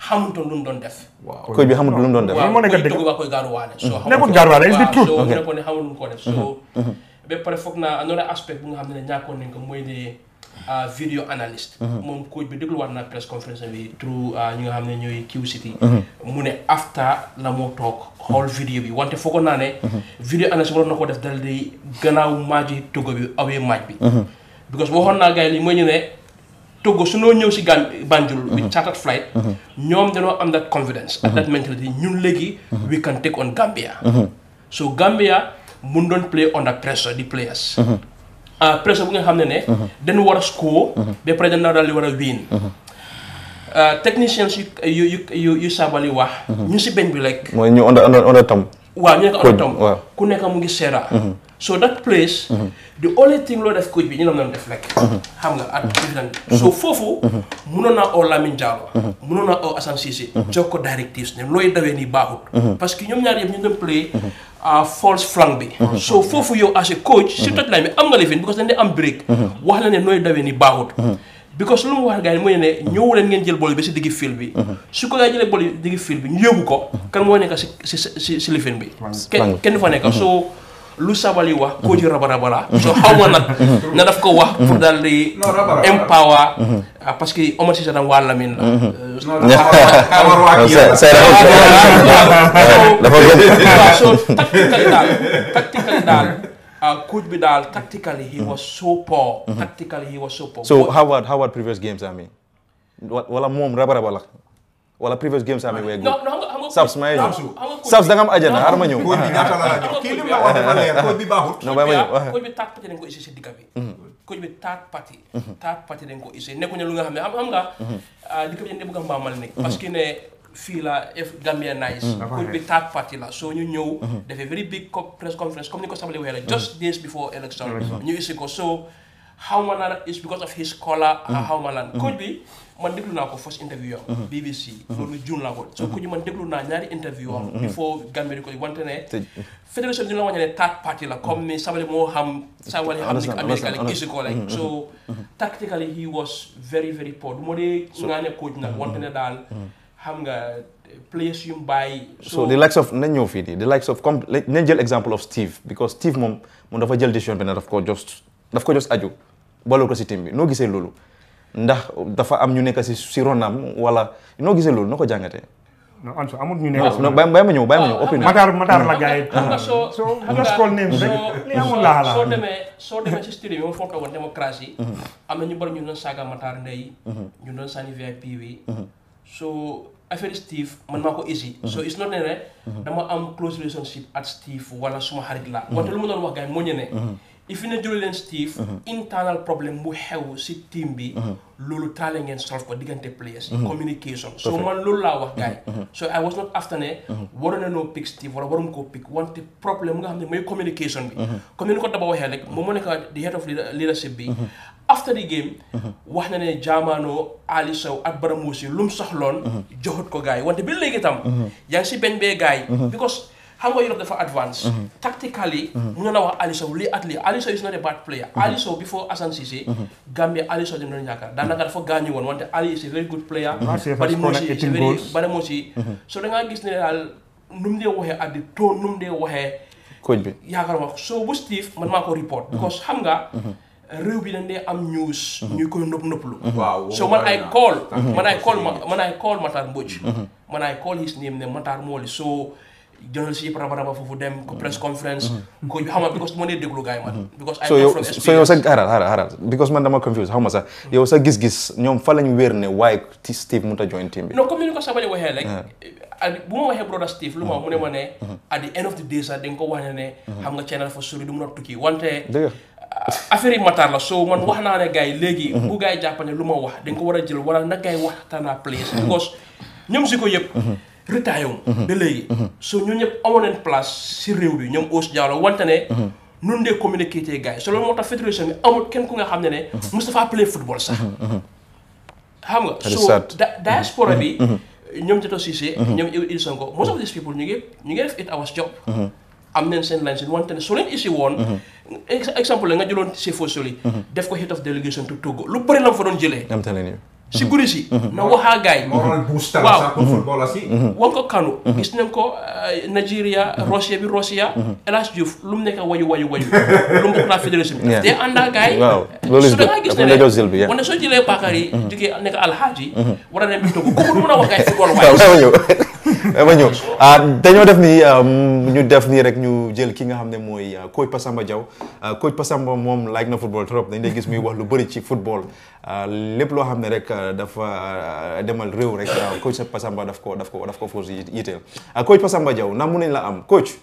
xamutoon lu mu doon def. waaw bi xamut doon def. waaw kooji togo ba koy gaaruwaale. soo xamul ne ko ne def. so ba pare another aspect bu nga xam ne ñàkkoon nañ ko mooy de. video analyst. Mhm. moom coach bi dégluwaat naa press conference bi through ñi nga xam ne ñooy Q City. Mhm. mu ne after la moo toog xool video bi wante foogoon naa ne. Mhm. video analyst waroon na ko def dal di gannaaw maaji Togo bi awee maaj bi. because waxoon naa gars yi mooy ñu ne Togo su noo ñëw si gan Banjul. with chartered flight. ñoom dañoo am that confidence. ak that mentality ñun léegi. we can take on Gambia. so Gambia mun doon play a pressure di players. Euh, pression bu nga xam ne ne. Uh-huh. dañu war a score. Uh-huh. ba pare dañu daal di war a win. Uh-huh. Euh, techniciens yu yu yu yu Sabaly wax. ñu si beñ bi rek. mooy ñu on a on a waaw ñu ne ko Tom ku nekk mu ngi seera mhm. so that place mhm. the only thing loo def coach bi ñu la doon def rek mhm. xam nga at dividend so foofu mënoon naa oo Lamine Diallo mënoon naa oo Assane Cissé jox ko directives ne looy dawee nii baaxut parce que ñoom ñaar yëpp ñu doon play false flank bi so foofu yow as a coach si toj laay mi am nga lifin because dañ dee am break wax la ne nooy dawee nii baaxut because lu mu wax gars yi mooy ne ñëw leen ngeen jël bool bi si digg fil bi su ko gaa jëlee bool bi digg fil bi ñu yóbbu ko kan moo nekk si si si lifin bi kenn kenn fa nekk soo lu sabal yi wax koo ji raba-raba la soo xaw ma nag na daf ko wax pour daal di empower parce que Omar Cissé tam waa Lamine la soo tactical daal tactical daal uh, coach Bidal tactically he mm. was so poor. Mm -hmm. Tactically he was so poor. So how about how about previous games I mean? Wala mom raba raba la. Wala previous games I mean were Sabs may ñëw. Sabs da nga am ajana ma ñëw. Coach bi ñaata la ñëw. Kii lim la bi baaxut. ba ma ñëw. Coach bi taat pati dañ ko essayé digga bi. Mm-hmm. Coach bi mm-hmm. ko essayé lu nga xam ne xam nga. Uh, li ko jëndee bëgg a mbaamal nekk fii la if Gambia nice. could mm. be third party la so ñu ñëw. Mm-hmm. def a very big press conference comme ni ko Sabally waxee la just mm-hmm. days before election. Mm-hmm. ñu isi ko so xawma lan is because of his color. xawma lan coach bi man déglu naa ko first interview am. BBC loolu June laa ko. so coach bi man déglu naa ñaari interview before Gambia di ko wante ne. fédération bi ñu la wax ne third party la comme ni Sabally moo xam. Sabally xam ni America la gisi ko rek. so tactically he was very very poor du ma dee. nga ne coach nag wante xam nga place yu mu so the likes of nañ ñëw fii di the likes of comme nañ jël exemple of Steve because Steve moom moom dafa jël décision bi ne daf ko just daf ko just aju boole ko si team bi noo gisee loolu ndax dafa am ñu nekk si si ronam wala noo gisee loolu noo ko jàngatee. non Anso amul ñu nekk. non bàyyi ma ñëw bàyyi ma ñëw opinion. Matar Matar soo soo li amul laa la soo demee soo demee si studio bi ma mm-hmm. ñu bari ñu doon saaga so affaire Steve man maa easy mhm. so it's not ne mhm. ne dama am close relationship at Steve wala suma xarit la mhm. wante lu mo don wax gay mo ñene if ne if ne jëlee Steve internal problem mu xew si team bi lolu taale ngeen solve ko diggante players communication so man lolu la wax gars so I was not after ne waro na no pick Steve wala warum ko pick wante problem nga xam may communication bi comme ni ko daba waxee rek mo moo ka the head of leadership bi after the game. wax na ne jaamaano Ali Sow ak Baramuusi soxloon. joxut ko gars yi wante ba léegi tam. yaa ngi si benn bee gars yi. because xam nga Europe dafa advance. tactically. mun na la wax Ali Sow at lii Ali is not a bad player. Ali Sow before Assane Cissé. Gambie Ali Sow dañu doon daanaka dafa gaañu woon wante Ali is a very good player. Baramuusi so da gis ne daal nu dee waxee at the tone nu dee waxee. koñ bi yaakaar ma so bu Steve man réew bi dañ dee am news. Mhm. ñu koy nëpp nëpplu. Mhm. waaw so man ay call. Mhm. man ay call man ay call Matar Mbodj. man ay call his name ne Matar Mawli so jëlal si yëpp raba-raba foofu dem ko press conference. ko xam nga because moo nee déglu man. because I come from experience so yow sa xaaral xaaral xaaral because man dama confuse xaw ma sax yow sa gis-gis ñoom fa lañ wér ne waaye Steve mënut a join team bi. comme ni ko Sabaly waxee rek. Eh, bu ma waxee brother Steve lu ma mu ne ma ne. at the end of the day sax dañ ko wax ne ne. xam nga channel fa sori du mun a tukki wante. affaire yi Matar la so man wax naa ne gars yi léegi. bu gars yi lu ma wax dañ ko war a jël wala na gars yi waxtaanaa place. Mhm. because ñoom si ko yëpp. Mhm. retaillé wu. Mhm. ba léegi. so ñun ñëpp amoon nañ place si réew bi ñoom Ousse Diallo wante ne. nun dee communiqué tey gars so loolu moo tax fédération bi amul kenn ku nga xam ne ne. Moustapha play football sax. xam nga so diaspora bi. ñoom Jato Cissé. ñoom Ilson ko most of these people ñu ngi ñu ngi it am nañ seen lines wante ne su leen isi woon. Mhm. exemple la nga jëloon Sefosoli. Mhm. def ko head of delegation to lu bëri la mu fa doon mhm. si guddi na waxaa gaay. waaw wan ko euh, lu mu nekk wayu wayu wayu. lu mu bokk bi. te ànd gaay. su da gis ne de wane soo jëlee Bakary. jógee nekk alxaaji. war a bi Togo kooku du mën a wax gaay football ma eh, ah, dañoo def nii um, ñu def nii rek ñu jël ki nga xam ne mooy uh, coach Pasamba Diaw uh, coach Pasamba moom like na football trop dañ lay gis muy wax lu bëri ci football uh, lépp loo xam ne rek dafa demal réew rek coach Pasamba daf ko daf ko daf ko foos yiteel coach Pasamba jaw na mu nañ la am coach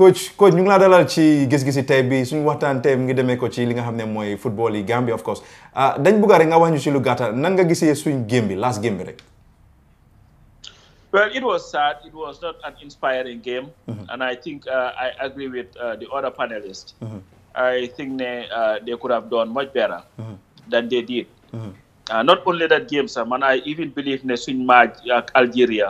coach coach ñu ngi laa dalal ci gis-gisi tey bi suñu waxtaan tey mu ngi demee ko ci li nga xam ne mooy football yi Gambia of course ah, dañ bugga rek nga wax ñu si lu gàttal nan nga gisee suñ game bi last game bi rek. Well, it was sad. It was not an inspiring game. Mm -hmm. And I think uh, I agree with uh, the other panelists. Mm-hmm. I think they, uh, they could have done much better mm-hmm. than they did. Mm-hmm. Uh, not only that game, Sam, and I even believe in the swing match Algeria.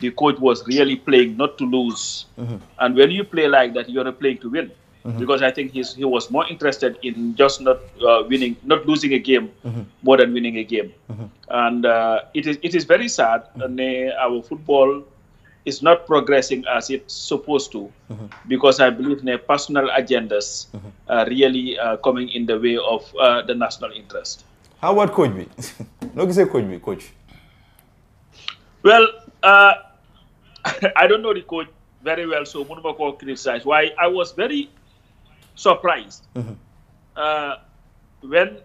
the coach was really playing not to lose. Mm-hmm. And when you play like that, you're playing to win. Mm-hmm. Because I think he's, he was more interested in just not uh, winning, not losing a game, mm-hmm. more than winning a game. Mm-hmm. And uh, it is it is very sad. Mm-hmm. uh, our football is not progressing as it's supposed to, mm-hmm. because I believe the uh, personal agendas are really uh, coming in the way of uh, the national interest. How about coach me? no, say coach me, coach. Well, uh, I don't know the coach very well, so Munuma to criticize. Why I was very surprised mm-hmm. uh, when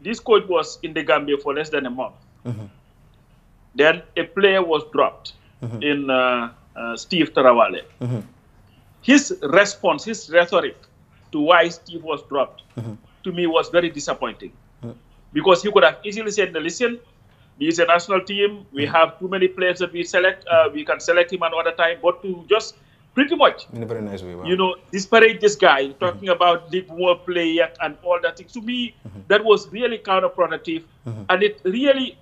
this coach was in the Gambia for less than a month. Mm-hmm. Then a player was dropped mm-hmm. in uh, uh, Steve Tarawale. Mm-hmm. His response, his rhetoric to why Steve was dropped, mm-hmm. to me was very disappointing mm-hmm. because he could have easily said, "Listen, He's a national team. We hmm. have too many players that we select. Uh, we can select him another time, but to just pretty much in a very nice way. Wow. You know, disparage this guy hmm. talking mm-hmm. about league more player and all that thing. To me, mm-hmm. that was really counterproductive, mm-hmm. and it really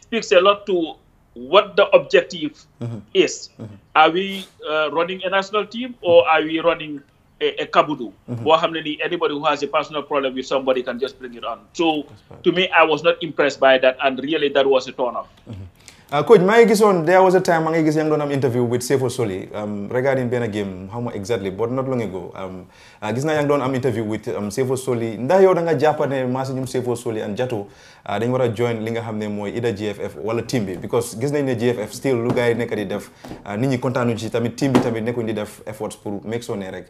speaks a lot to what the objective hmm. is. Are we uh, running a national team or are we running? a, a kabudu. Mm -hmm. Anybody who has a personal problem with somebody can just bring it on. So to me, I was not impressed by that, and really that was a turn off. Mm -hmm. Uh, coach, my on, there was a time I was going to interview with Sefo Soli um, regarding a game, how exactly, but not long ago. Um, uh, na um, yow da nga jàpp ne maasi ñum Sefo Soli and Jatta uh, dañ a join li nga xam ne mooy ida GFF wala team bi because gis ne GFF still lu gars def uh, nit ñi kontaan ci tamit team tamit tamit nekkuñ di def efforts pour make soon ne rek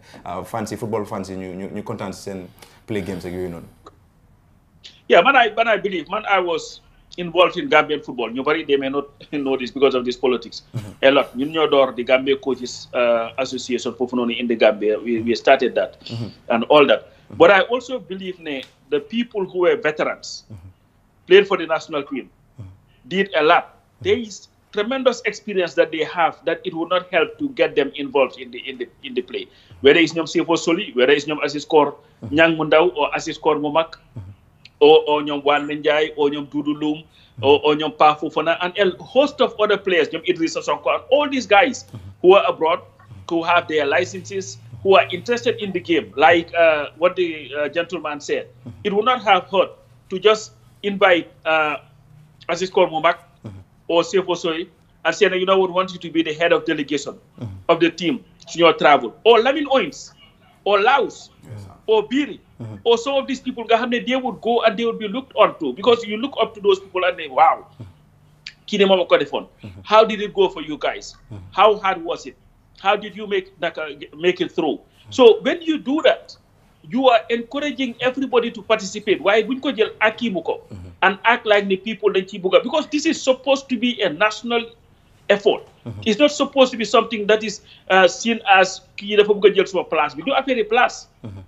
fans yi football fans yi ñu ñu kontaan si seen play games ak yooyu noonu yeah involved in Gambian football. Nobody they may not know this because of this politics. Mm-hmm. A lot. You know, the Gambia Coaches uh, Association for Funoni in the Gambia. We, we started that mm-hmm. and all that. Mm-hmm. But I also believe ne, the people who were veterans, mhm. played for the national team, mhm. did a lot. Mhm. There is tremendous experience that they have that it would not help to get them involved in the in the in the play. Whether it's Nyom Sefo Soli, whether it's Nyom Asis Kor Nyang Mundau or Asis Kor Momak or, oh, or oh, ñoom Wan Njai or ñoom or, or ñoom Pa Fofana and a host of other players ñoom Sonko and all these guys hmm. who are abroad who have their licenses who are interested in the game like uh, what the uh, gentleman said hmm. it would not have hurt to just invite uh, it's called, Momak hmm. or Sefo Soy and say you know we want you to be the head of delegation of the team senior travel or Lamin Oins, or Laos yes or Biri uh-huh. or some of these people, they would go and they would be looked on to because you look up to those people and they, wow, uh-huh. uh-huh. how did it go for you guys? Uh-huh. How hard was it? How did you make, uh, make it through? So when you do that, you are encouraging everybody to participate. Why wouldn't akimuko and act like the people in chibuga because this is supposed to be a national effort. Mm-hmm. It's not supposed to be something that is uh, seen as kii dafa bëgg a jël We do bi du affaire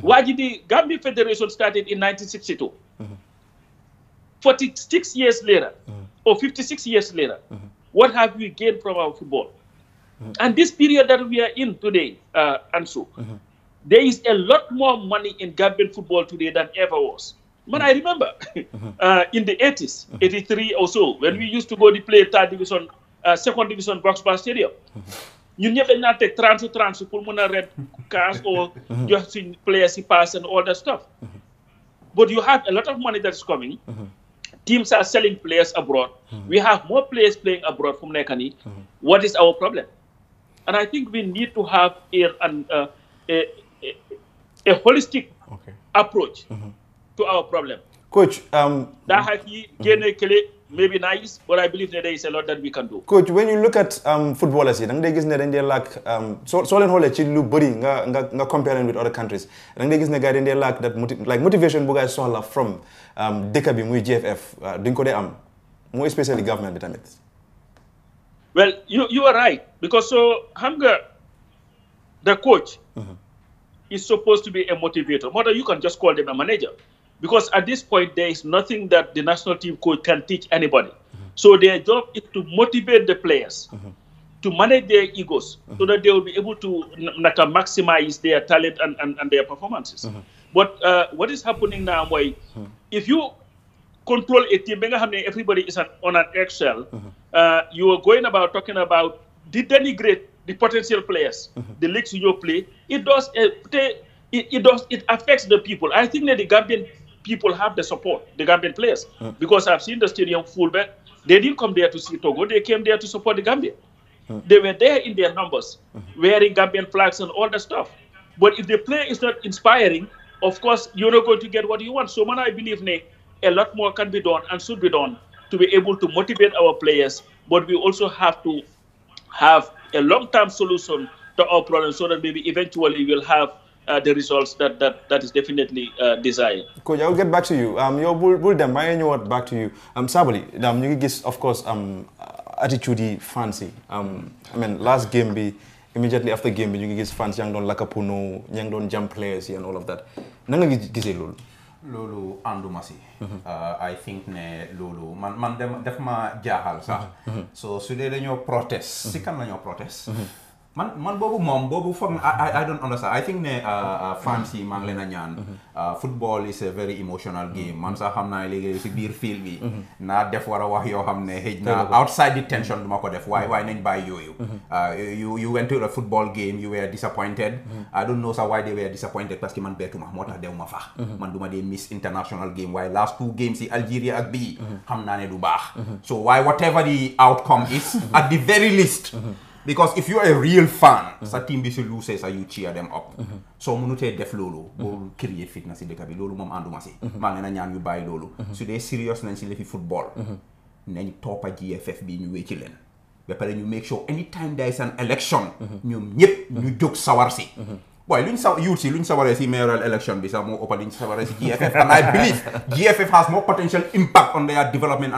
why did the Gambia Federation started in 1962. Mm -hmm. 46 years later, mm -hmm. or 56 years later, mm -hmm. what have we gained from our football? Mm-hmm. And this period that we are in today, uh, Ansu, mm-hmm. there is a lot more money in Gambian football today than ever was. But I mm-hmm. remember uh, in the 80s, 83 or so, when we used to go to play third division, uh, second division box stadium ñun ñëpp dañ naan teg tranche tranche pour mën a red cash or uh-huh. jox suñ players si pass and all that stuff uh-huh. but you have a lot of money that's coming uh-huh. teams are selling players abroad we have more players playing abroad from Nekani. what is our problem and I think we need to have a an uh, a a holistic approach to our problem coach daa xay fii maybe nice, but I believe that there is a lot that we can do. Coach, when you look at um, footballers, dang they gis ne dañ dee lack um, so so leen xoolee ci they bëri comparing with other countries dang they gis ne gars dañ dee that motiv like motivation bu gaay soxla from um, dëkk bi GFF more uh, especially government Well, you you are right because so hunger. the coach. Mm -hmm. is supposed to be a motivator. Mother, you can just call them a manager. Because at this point, there is nothing that the national team coach can teach anybody. Mm -hmm. So their job is to motivate the players, mm -hmm. to manage their egos, so that they will be able to maximize their talent and, and, and their performances. But uh, what is happening now, if you control a team, everybody is on an eggshell, uh, you are going about talking about the denigrate the potential players, mm -hmm. the leagues you play, it does uh, they, it, it, does it affects the people. I think that the Gambian people have the support, the Gambian players. Mm. Because I've seen the stadium full back. They didn't come there to see Togo, they came there to support the Gambia. Mm. They were there in their numbers, wearing Gambian flags and all that stuff. But if the player is not inspiring, of course, you're not going to get what you want. So, man, I believe ne, a lot more can be done and should be done to be able to motivate our players. But we also have to have a long-term solution to our problem so that maybe eventually we'll have uh, the results that that that is definitely uh, desired. Coach, I will get back to you. Um, yow bul bul dem maa ngi ñëwaat back to you. Um, Sabally, um, ñu ngi gis of course um, attitude yi fans yi. Um, I mean last game bi immediately after game bi ñu ngi gis fans yaa ngi doon lakapono ñaa ngi doon jam players yi and all of that na nga gisee loolu. loolu ànduma si mhm. uh, I think ne loolu man man def ma jaaxal sax mhm. Mhm. so su dee dañoo protest si kan la ñoo protest man man boobu moom boobu foog na I don't understand I think ne uh, uh, fans yi maa ngi leen a ñaan. Mm-hmm. Uh, football is a very emotional mm-hmm. game man sax xam naa léegi si biir fiil bi. Mm-hmm. naa def war a wax yoo xam ne xëj na outside the tension du ma ko def waaye waaye nañ bàyyi yooyu. you you went to a football game you were disappointed. I don't know sax why they were disappointed parce que man beetuma moo tax dew ma fax. man du ma dee miss international game waaye last two games yi Algeria xam naa ne du baax. so waaye whatever the outcome because if you are a real fan. Mhm. sa team bi su lose sa you cheer them up. Mhm. soo mënutee def loolu. boo mhm. créer fitna si dëkk bi loolu moom ànduma si. maa ngi leen a yu bàyyi loolu. su dee serious nañ si lifi football. nañ toppa GFF bi ñu wécci leen. ba pare ñu make sure anytime there is an election. ñoom ñëpp ñu jóg sawar si. waaye lu sa yuut si luñ sawaree si mayoral election bi sa moo ëpp luñ sawaree si GFF and I believe GFF has more potential impact on their development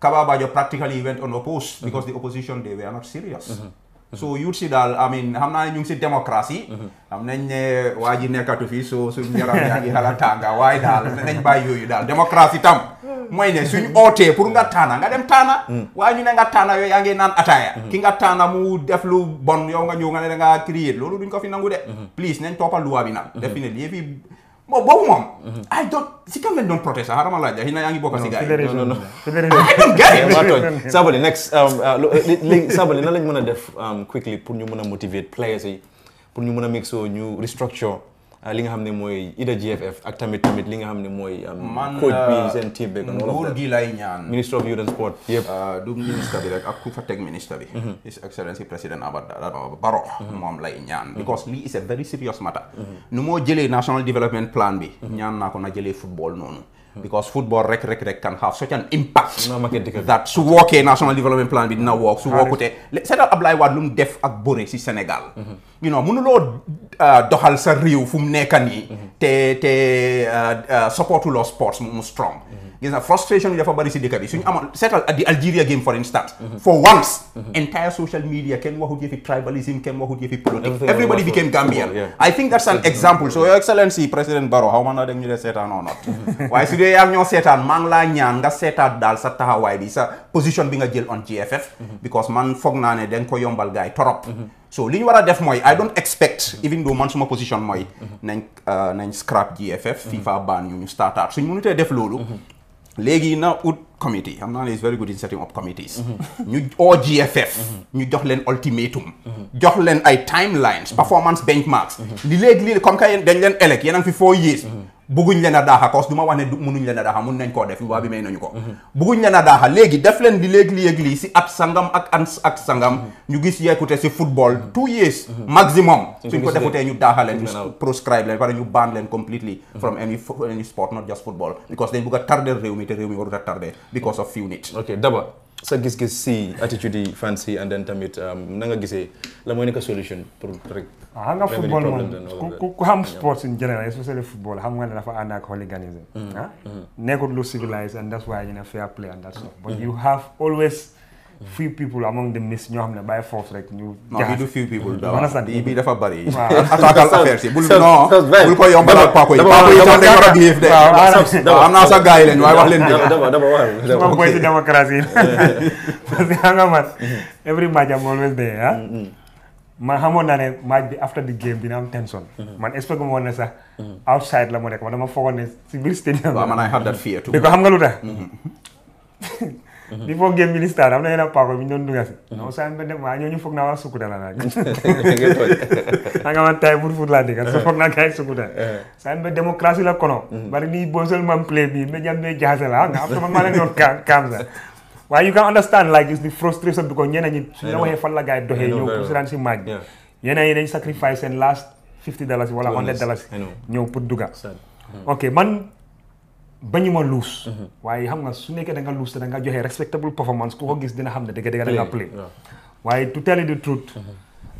Kababajo practically went on opposed mhm. because the opposition they were not serious. Mhm. Mhm. so yuut si daal I mean xam naa ne ñu si démocratie. xam nañ ne waa ji fi so suñ yaram yaa ngi xala tànga waaye daal nañ bàyyi yooyu daal démocratie tam. mooy ne suñ ootee pour nga taana nga dem taana. Mm. waaye ñu ne nga taana yooyu yaa ngi naan ataaya. Mm-hmm. ki nga taana mu def lu bon yow nga ñëw nga ne da ngaa loolu duñ ko fi nangu de. Mm-hmm. please nañ toppal loi bi nag. Mm-hmm. definitely bon boobu moom. ay mhm. donc si kan lañ doon protesté ah Rama Laaja yaa ngi bokk si gars yi. non non non Sabally next um, uh, léegi Sabally nan lañ mën a def um, quickly pour ñu mën a motivate players yi pour ñu mën a make sure ñu restructure Ah, li nga xam ne mooy ida GFF ak tamit tamit li nga xam ne mooy. Um, man bi euh, seen team beeg. nguur gi lay ñaan ministre of youth and sport yëpp. Euh, du ministre bi rek ak ku fa teg ministre bi. Mm-hmm. his excellency président Ababacar Barrow. Mm-hmm. moom lay ñaan. because mm-hmm. lii is a very serious matter. nu moo jëlee national development plan bi. ñaan naa ko na jëlee football noonu. because football rek rek rek can have such an impact that su wookee national development plan bi dina wook su wookutee seetal Ablaye Wade lu mu def ak Boré si Sénégal mhm. you know loo euh, doxal sa réew fu mu nekka nii mhm. te te euh, euh, supportuloo sports mu strong mhm. gis na frustration yi dafa bari si dëkk bi suñu amoon seetal di Algeria game for instance for once entire social media kenn waxut yëfi tribalism kenn waxut yëfi politique everybody became Gambian I think that's an example so your excellency président Barrow xaw ma na dem ñu dee seetaan or not waaye su dee yaa ñoo seetaan maa laa ñaan nga seetaat daal sa taxawaay bi sa position bi nga jël on GFF mhm. because man foog naa ne danga ko yombal gaay torop mhm. so li ñu war a def mooy I don't expect even though man suma position mooy mhm. nañ ah, nañ scrap GFF FIFA baan ñu ñu startaat suñ mënutee def loolu léegi na ut committee xam naa ne is very good in setting up committees ñu oo GFF ñu jox leen ultimatum jox leen ay timelines performance benchmarks li léegi lii comme que dañ leen elect yéen a ngi fi four years bëgguñ leen a daaxa cause du ma wax ne mënuñ leen a daaxa mun nañ koo def loi bi may nañu ko bëgguñ leen a daaxa léegi def leen di léegi léegi lii si ab sangam ak an ak sangam mm-hmm. ñu gis yekkute si football mm-hmm. two years maximum suñ ko defutee ñu daaxa leen ñu proscribe leen pare ñu ban leen completely mm-hmm. from any any sport not just football because dañ bëgg a réew mi te réew mi warut a because of few nit ok sa gis-gis si attitude yi and then tamit um, na nga la mooy nekk solution pour rek. Ah, football moom ku ku sports in general especially football xam nga ne dafa ànd ak hooliganism. Mm, ah? mm. nekkul lu civilized and that's why you know fair play and that's all. Mm. you have always. few people among the miss ñoo xam ne by force rek ñu. jaxase non du few people dafa bi affaire si bul non bul ko yombalal paako yi paako yi a waaw leen dëgg. dama dama wax dama boy si démocratie parce que every match am always there ah. Mm, mm. man naa ne match bi after the game dina am tension. Mm-hmm. man expect ma woon sax. Mm-hmm. outside la mu nekk man dama foogoon ne si biir stadium. waaw man I nga lu tax. Mm-hmm. di mhm. foog game ministère am na yenn paako bi ñu doon si. Mhm. non saa ba dem waaye la nag. nga man tay pour eh. la kono. Mhm. bari ni bosol man play bi mais jambe la nga xam ma leen doon kaam kaam sax. waaye you can understand like is the frustration because ñeneen ñi su la eh. waxee fan la gaay doxee ñëw pour si si maaj bi. ñeneen ñi dañ sacrifice seen last fifty dollars wala hundred dollars ñëw pour dugga. ok man. bañu ma luus. Mhm. waaye xam nga su nekkee da nga luus te da nga joxe respectable performance ku ko gis dina xam ne dëgg dëgg da nga play. waaye to tell you the truth. Mhm.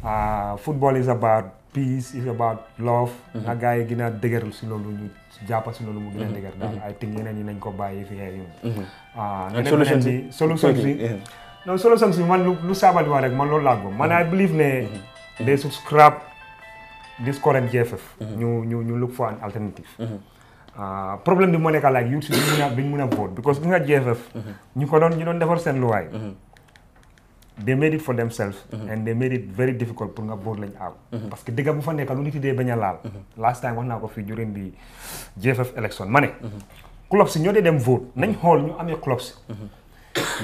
Uh, football is about peace is about love. Mhm. na gaa yi gën a dëgër si loolu ñu jàpp si loolu mu gën a dëgër daal I think yeneen yi nañ ko bàyyi fi xeer yoon. Ah, ak solution si solution si. non solution si man lu saabali wax rek man loolu laa gëm man I believe ne. they should scrap this current ñu ñu ñu look for an alternative. Ah, problème bi moo nekk like youth si duñ mun mun a vote because gis nga GFF ñu ko doon ñu doon defar seen luwaay they made it for themselves and they made it very difficult pour nga vote lañ aw parce que dëgg bu fa nekk lu nit yi dee bañ a laal last time wax naa ko fii during the GFF election ma ne club si ñoo dee dem vote nañ xool ñu amee club si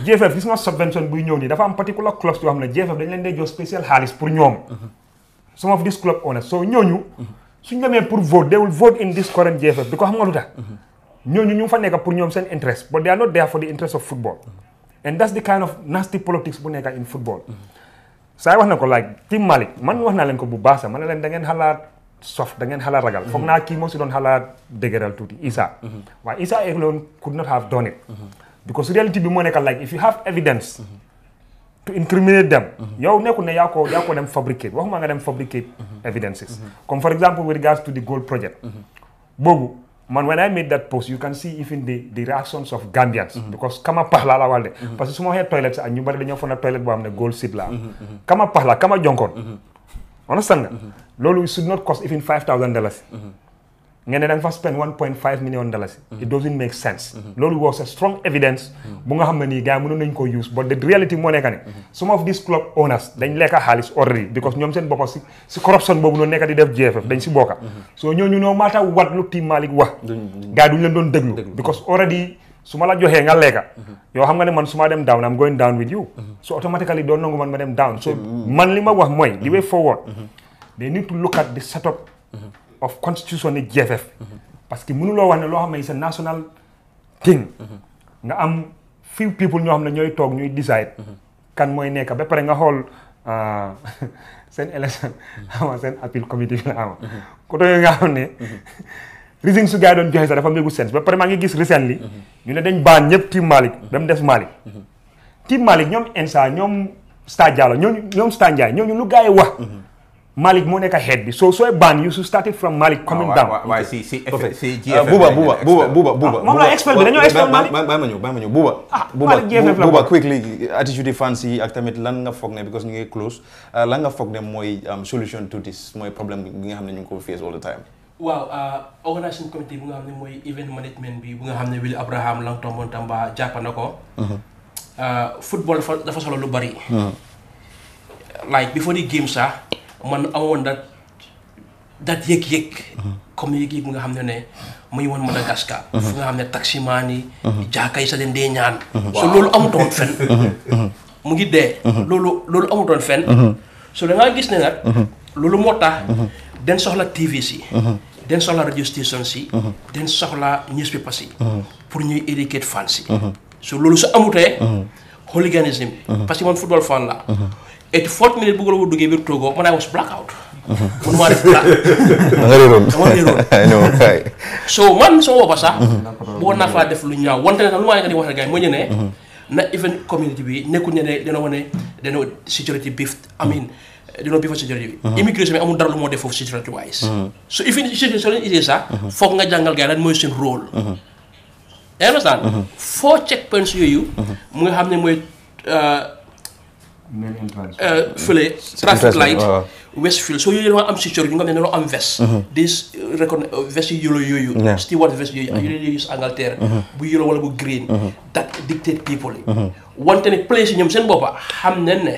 GFF gis nga subvention buy ñëw nii dafa am particular clubs yoo xam ne GFF dañ leen dee jox spécial xaalis pour ñoom su suñ demee pour vote they will vote in this current JFF bi ko xam nga lu tax ñooñu ñu fa nekk pour ñoom seen interest but they are not there for the interest of football and that's the kind of nasty politics bu nekk in football saay wax na ko like Tim Malik man wax naa leen ko bu baax sax ma ne leen da ngeen xalaat sof da ngeen xalaat ragal foog naa kii moo si doon xalaat dëgëral tuuti Issa mhm. waaye Issa Ekloun could not have done it mhm. because reality bi moo nekk like if you have to incriminate them yow nekkul ne yaa ko yaa ko dem fabricate waxuma nga dem fabricate evidences comme for example with regards to the gold project boobu man when I made that post you can see even the reactions of Gambians because kama la wax de parce que su ma waxee toilette sax ñu bari dañoo foog ne xam ne gold seed la am kama pax la kama jonkoon understand nga should not cost even five thousand dollars nga ne da nga fa spend 1.5 million dollars. Mhm. it doesn't make sense. Mhm. loolu was a strong evidence. Mhm. bu nga xam ne nii gars yi mënoon nañu koo use but the reality moo nekk ne. some of these club owners dañ lekk xaalis already because ñoom boppa si corruption boobu noonu nekk di def GFF dañ si bokka so ñooñu no matter what lu team Malick wax. gars yi duñu doon déglu. because already su ma la joxee nga lekka yoo xam nga ne man su ma dem down am going down li ma wax mooy. the of constitution GFF. parce que mënuloo wax ne loo xam ne c'est national thing. nga am few people ñoo xam ne ñooy toog ñuy decide. kan mooy nekk ba pare nga xool ah, seen élection. Hmm. seen appeal committee bi la ama. côté yooyu nga xam ne. reason su gars yi doon joxe sax dafa mégu sens ba pare maa ngi gis recently ñu ne dañ baan ñëpp team Malick ba mu des Malick. team Malick ñoom Ensa ñoom Star Diallo ñoom ñoom Star Ndiaye ñooñu lu gars yi wax. Malik moo nekk head bi so sooy ban you should start it from Malik coming ah, down. waaw si si si GFM buuba buuba buuba buuba buuba. moom la expert bi dañoo expert Malik. bàyyi ma ñëw bàyyi ma ñëw buuba. ah Malik GFM la buuba quickly attitude fans yi ak tamit lan nga foog ne because ñu ngi close ah, lan nga foog ne mooy um, solution to this mooy problème bi nga xam ne ñu ngi ko face all the time. waaw ah, organisation committee bu nga xam ne mooy event management bi bu nga xam ne Willie Abraham Langton Montamba jàpp na ko. Uh-huh. football dafa solo lu bari. Uh-huh. like before the game sax. man amoon dat dat yëg-yëg comme yëg-yëg bi nga xam ne ne muy woon Madagascar mhm. fu nga xam ne taximaan yi mhm. jaaka yi sa leen dee ñaan mhm. so loolu amutoon fen mu ngi dee loolu loolu amutoon fen so da ngaa gis ne nag loolu moo tax den soxla TV si den soxla radio station si den soxla newspaper si pour ñuy éduquer fans si so loolu su amutee hooliganisme parce que man football fan la et fort minute bu ko duggee biir togo man i was blackout uh-huh. mun maa def black da nga I know. réeroon so man sama bopp sax uh-huh. boo naa faa def lu ñaw wante tan lu ma di wax gaay mo ñu na even community bi nekkul ñu ne dina wane dina security beef I uh-huh. mean dina beef security bi immigration amu amul dara lu mo def fof security wise so even situation is ça fof nga jangal gaay lan mooy seen rôle understand Four checkpoints you, mu nga xam ne uh, Euh, fële traffic light Westfield soo yooyu dafa am si cër ñu nga xam mm-hmm. euh, euh, yooyu steward vest yooyu yooyu yooyu si Angleterre mm-hmm. bu yellow wala bu green mm-hmm. that dictate people yi wante ne place yi ñoom seen boppa xam nañ ne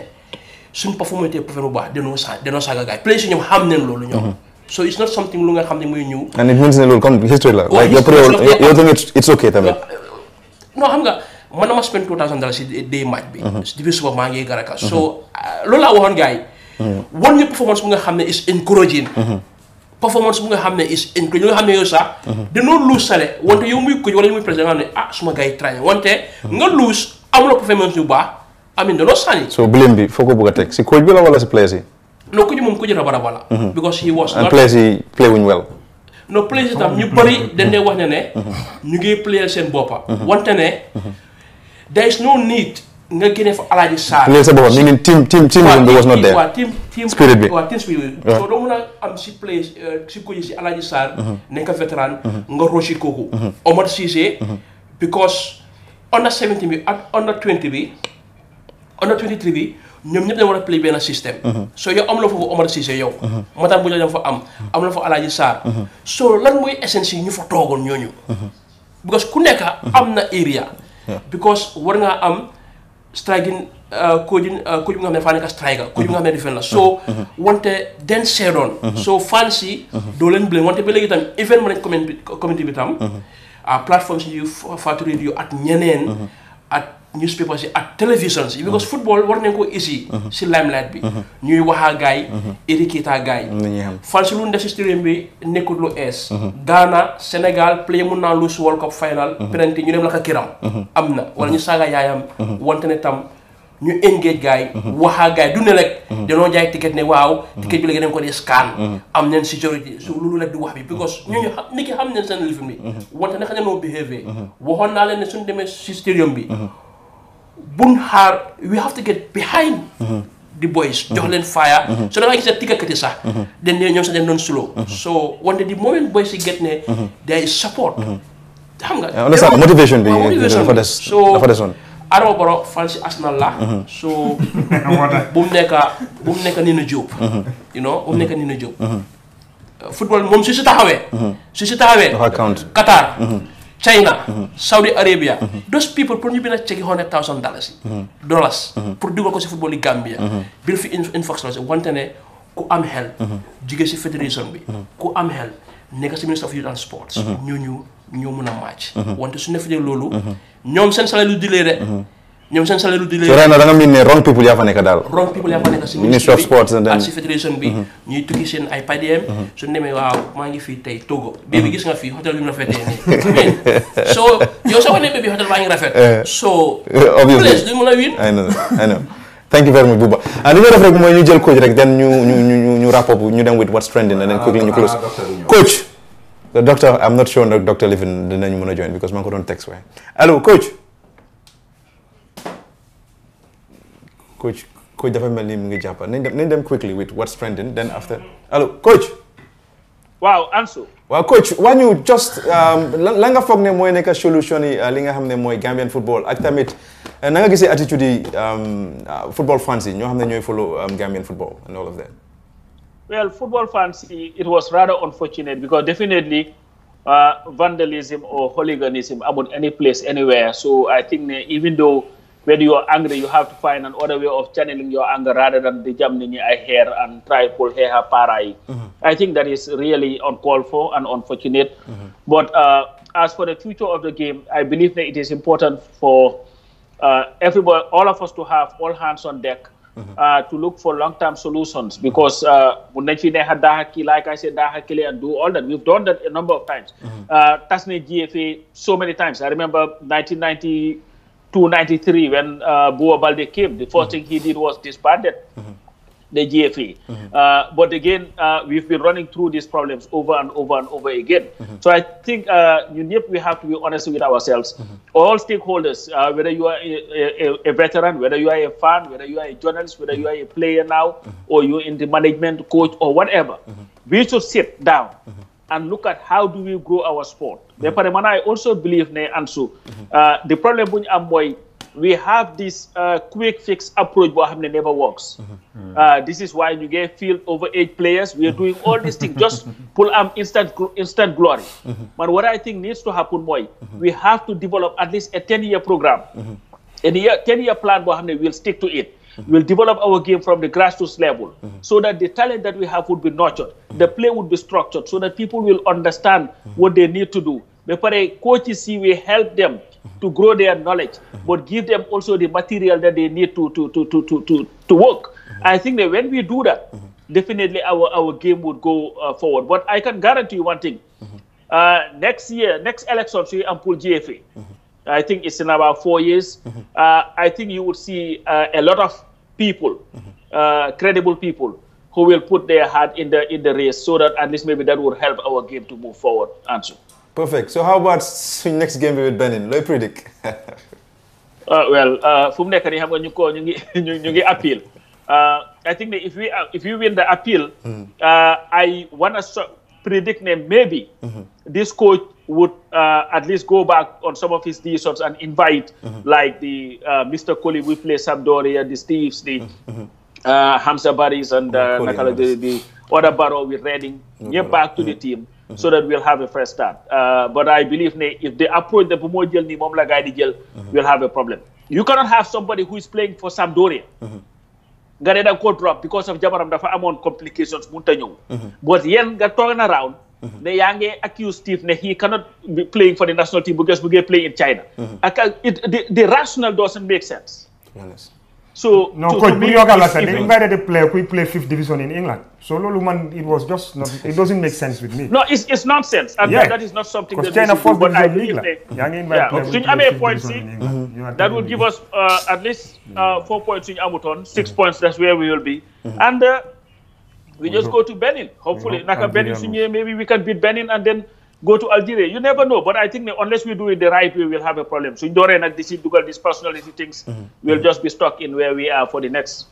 suñ performance préféré bu baax danoo sa danoo saaga gaay place yi ñoom xam nañ loolu ñoom so it's not something lu nga xam ne mooy ñëw and it means ne loolu comme history la like yow xam nga man dama spend two thousand dollars si day match bi. Uh-huh. depuis suba maa ngi garaka. so uh, loolu laa waxoon gars yi. Uh-huh. wan ñu performance bu nga xam ne is encouraging. Uh-huh. performance nga xam ne is encouraging nga xam sax. dañoo wante yow muy coach wala yow muy président nga xam ne ah suma gars yi traité wante. nga lose amuloo performance yu baax amin dañoo sànni. so blame bi foo ko bëgg a teg si coach bi la wala si players yi. non coach moom coach rabaraba la. because he was not and there is no need nga génne fa Alaaji Sarr. sa boppam ñu ngi team team team room bi was not bi waaw team spirit bi. si play euh, si ko si Alaaji Sarr. Mhm. nekk vétéran. Mhm. nga rosi kooku. Mhm. bi ak under bi under bi. ñoom ñëpp dañu war a play benn système. so am la foofu Omar Cissé yow. Matar am. am la fa Alaaji Sarr. lan mooy essence yi ñu fa toogoon ñooñu. because ku nekk am na area. because war ngaa am striking coaching uh, coach uh, bi nga xam ne faa nekk striker coach bi nga xam ne defee la so mhm. Mhm. Mhm. wante den seedoon so fan si doo leen blame wante ba léegi tam event ma nañ community bi tam uh, plateforme si yu fàttali yu ak ñeneen ak newspapers yi ak télévisions yi. because football war nañ ko isi. si limelight bi. ñuy waxaa gaay yi. étiquette gaay yi. fan si lu ñu def si stadium bi nekkul lu ees. Ghana Sénégal play mun naa lose World Cup final. penalty ñu dem la ko kiram. am na wala ñu saaga yaayam. wante ne tam. ñu engage gars waxaa gars du ne rek. danoo jaay ticket ne waaw. ticket bi léegi dañ ko dee scan. am nañ sécurité su loolu rek di wax bi. because ñooñu xam ki xam nañ seen lifin bi. bun xaar we have to get behind mm-hmm. the boys mm-hmm. jox leen fire mm-hmm. so da nga gis ne tikkakati sax den ne ñoom sax den slow so wante the moment boys yi get ne there is support xam nga understand motivation bi ah, dafa des dafa desoon Adama Barrow fal si Arsenal la so bu mu nekka bu mu nekka Nina Diop you know bu mu football moom su si taxawee su si taxawee Qatar China, mhm. Mhm. Saudi Arabia, mhm. those people pour ñu bi na checki hundred thousand dollars dollars pour dugal ko si football yi Gambia bir fi infrastructure wante ne ku am xel jigee si fédération bi ku am xel nekk si ministre of youth and sports ñooñu ñoo mun a match wante su ne fi loolu ñoom seen salaire lu di lee de ñoom seen salaire di leen. da nga mën ne wrong people daal. wrong people yaa fa nekk si mm-hmm. seen ay padiem. su ñu demee maa ngi fii tey Togo. Mm-hmm. gis nga fii hôtel bi mu rafetee nii. rafet. Eh. soo. obvious duñ mën a win. I know I know thank you very much Buba ah li ñu def rek ñu jël coach rek den ñu ñu ñu ñu wrap up ñu dem with what's trending and then quickly ñu close. Ah, coach. the doctor I'm not sure doctor Living dinañ mën a join because maa ngi ko doon text waaye allo coach. coach coach dafa mel ni mu ngi jàpp nañ dem nañ dem quickly with what's trending then after hello, coach. Wow, Ansu. waaw coach when you just um, la nga foog ne mooy nekk solution yi uh, li nga xam ne mooy Gambian football ak tamit uh, na nga gisee attitude yi um, uh, football fans yi ñoo xam ne ñooy follow um, Gambian football and all of that. well football fans it was rather unfortunate because definitely. Uh, vandalism or hooliganism about any place anywhere. So I think even though when you are angry, you have to find another way of channeling your anger rather than the Germany I hear and try pull her apart. Mm-hmm. I think that is really uncalled for and unfortunate. Mm-hmm. But uh, as for the future of the game, I believe that it is important for uh, everybody, all of us to have all hands on deck. Mm-hmm. Uh, to look for long-term solutions because uh, like I said, and do all that. We've done that a number of times. Mm-hmm. Uh, so many times. I remember 1990, 293 when uh, Boa Balde came. The 1st mm -hmm. thing he did was disbanded mm -hmm. the GFA. Mm -hmm. uh, but again, uh, we've been running through these problems over and over and over again. Mm-hmm. So I think uh, we have to be honest with ourselves. Mm-hmm. All stakeholders, uh, whether you are a, a, a, veteran, whether you are a fan, whether you are a journalist, whether you are a mm-hmm. player now, or you're in the management, coach, or whatever, we should sit down and look at how do we grow our sport. Mm -hmm. man, I also believe ne and so mm-hmm. uh, the problem with am we have this uh, quick fix approach but xamne never works. Mm-hmm. Uh, this is why you get field over eight players. We are mm-hmm. doing all these things just pull am instant instant glory. But what I think needs to happen moy we have to develop at least a 10 year program. Mm -hmm. A 10 year plan bo we'll stick to it. Mm-hmm. We'll develop our game from the grassroots level mm-hmm. so that the talent that we have would be nurtured. Mm-hmm. The play would be structured so that people will understand mm-hmm. what they need to do. But for a coaches see we help them mm-hmm. to grow their knowledge, mm-hmm. but give them also the material that they need to to to to to to, to work. I think that when we do that, definitely our, our game would go uh, forward. But I can guarantee you one thing. Uh, next year, next election, we ampul GFA. I think it's in about four years. Mm -hmm. uh, I think you would see uh, a lot of people, mm -hmm. uh, credible people, who will put their heart in the in the race, so that at least maybe that will help our game to move forward. Answer. Perfect. So how about next game with Benin? Looy predict. Uh, well, uh, from there, nekk nii xam nga ñu ko appeal. Uh, I think that if we if we win the appeal, mm -hmm. I wanna predict ne maybe. Mm-hmm this coach would uh, at least go back on some of his decisions and invite mm-hmm. like the uh, Mr. Kohli, we play Sampdoria, the Steves, the mm-hmm. mm-hmm. uh, Hamza Baris and uh, Nakala, the, the other Barrow with Reading, get back to mm-hmm. the team so that we'll have a fresh start. Uh, but I believe ne, if they approach the Pumojel, ni Momla mm-hmm. we'll have a problem. You cannot have somebody who is playing for Sampdoria. Mm-hmm. Nga ne da ko drop because of jabaram dafa amone complications But yen nga turn around ne yaa ngi accuse Steve ne he cannot be playing for the national team because we get playing in mhm. the rational doesn't make sense. so no coach bu yokkal a player who play fifth division in England so loolu man it was just not it doesn't make sense with me. no it's it's nonsense. and that is not something that will mhm. give us uh, at least uh, four points suñu amutoon six mhm. points that's where we will be uh, we, just mhm. go to Benin. Hopefully, mhm. Naka Benin, maybe we can beat Benin and then go You never know. But I think unless we do it the right way, we'll have a problem. So Dorian and this Dugal, these personality things, mm -hmm. we'll mhm. be stuck in where we are for the next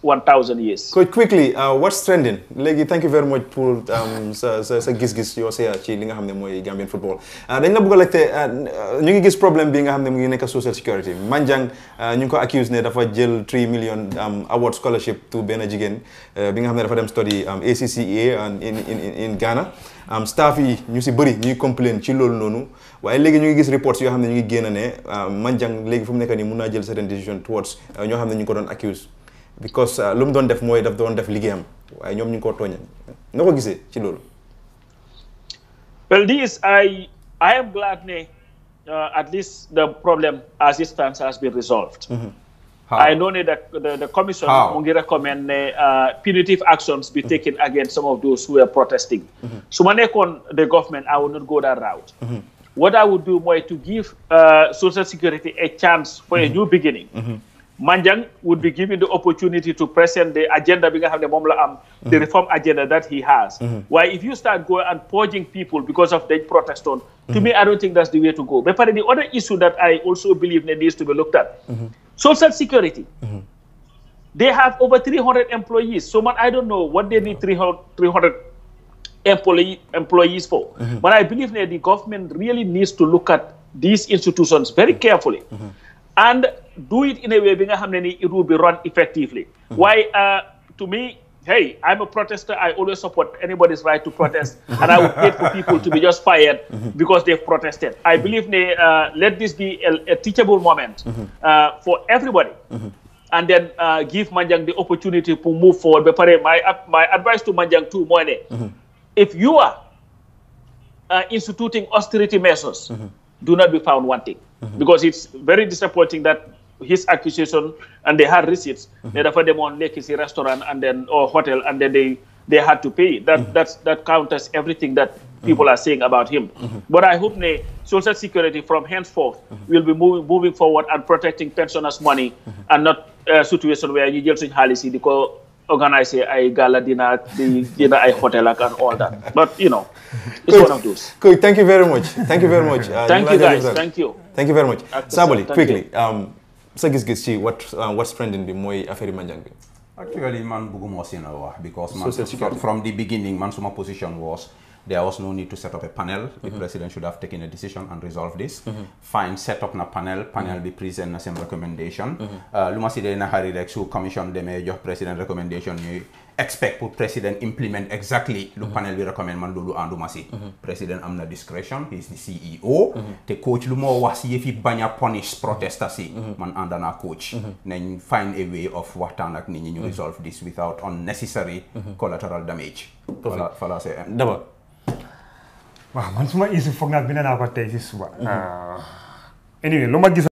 years. Quite quickly, uh, what's trending? Legi, thank you very much pour um, sa, gis-gis yoo see ci li nga xam ne mooy Gambian football. Uh, dañ la bëgg a uh, ñu ngi gis problème bi nga xam ne mu ngi nekk social security. Manjang ñu ngi ko accuse ne dafa jël um, benn jigéen bi nga xam ne dafa dem study um, ACCA um, in, in, in Ghana. am staff yi ñu si bëri ñuy complain ci loolu noonu waaye léegi ñu ngi gis reports yoo xam ne ñu ngi génn ne euh, Manjang léegi fu mu nekk nii mun naa jël certain decision towards euh, ñoo xam ne ñu ngi ko doon accuse because euh, lu mu doon def mooy daf doon def liggéeyam waaye ñoom ñu ngi koo tooñal nga ko gisee ci loolu. well this I I am glad ne uh, at least the problem as it stands has been resolved. Mm-hmm. How? I know that the, the commission will recommend uh, punitive actions be mm -hmm. taken against some of those who are protesting. Mm-hmm. So when I con the government, I will not go that route. Mm -hmm. What I would do more to give uh, Social Security a chance for mm -hmm. a mm-hmm. new beginning. Mm-hmm. Manjang would be given the opportunity to present the agenda because have the Momla um, the mm-hmm. reform agenda that he has. Mm -hmm. Why if you start going and purging people because of their protest on, to mm -hmm. me I don't think that's the way to go. But the other issue that I also believe needs to be looked at. Mm -hmm. Social Security. Mm -hmm. They have over 300 employees. So, man, I don't know what they need 300, 300 employee, employees for. Mm -hmm. But I believe that the government really needs to look at these institutions very mm-hmm. carefully mm -hmm. and do it in a way that it will be run effectively. Mm-hmm. Why, uh, to me, hey, I'm a protester. I always support anybody's right to protest, and I would hate for people to be just fired because they've protested. I believe they, uh, let this be a, a teachable moment uh, for everybody, and then uh, give Manjang the opportunity to move forward. But my my advice to Manjang too, Moine, if you are uh, instituting austerity measures, do not be found wanting, because it's very disappointing that his accusation and they had receipts. Mm-hmm. They offered them on legacy restaurant and then or hotel and then they they had to pay. That mm-hmm. that's that counters everything that people are saying about him. Mhm. But I hope the social security from henceforth mhm. will be moving moving forward and protecting pensioners' money mhm. and not a uh, situation where you just in Halisi because organize a gala dinner, the dinner a hotel and all that. But you know, it's Good. one of those. Good. Thank you very much. Thank you very much. Uh, thank you guys. Thank you. Thank you very much. Saboli, quickly. Um, sa gis-gis ci what euh, what's bi mooy affaire yi Manjang bi. actually man bëgguma aussi na wax because from the beginning man suma position was there was no need to set up a panel. The mm -hmm. president should have taken a decision and resolved this. Mm-hmm. Fine, set up na panel, panel mm present na same recommendation. Mm-hmm. Euh, lu ma si dee na xari rek su commission demee jox president recommendation ñuy expect pour president implement exactly le panel bi recommend man loolu ànduma ah, si mhm. president amna discretion he is the CEO mhm. te coach lu mo wax si yëfi bañ a punish mm -hmm. man coach mm coach nañ find a way of waxtaan ak nit ñi ñu mhm. resolve this without unnecessary collateral damage voilà c'est d'abord wa man suma isi foog naa bi ne naa ko tay ci suba ah. anyway lu ma gis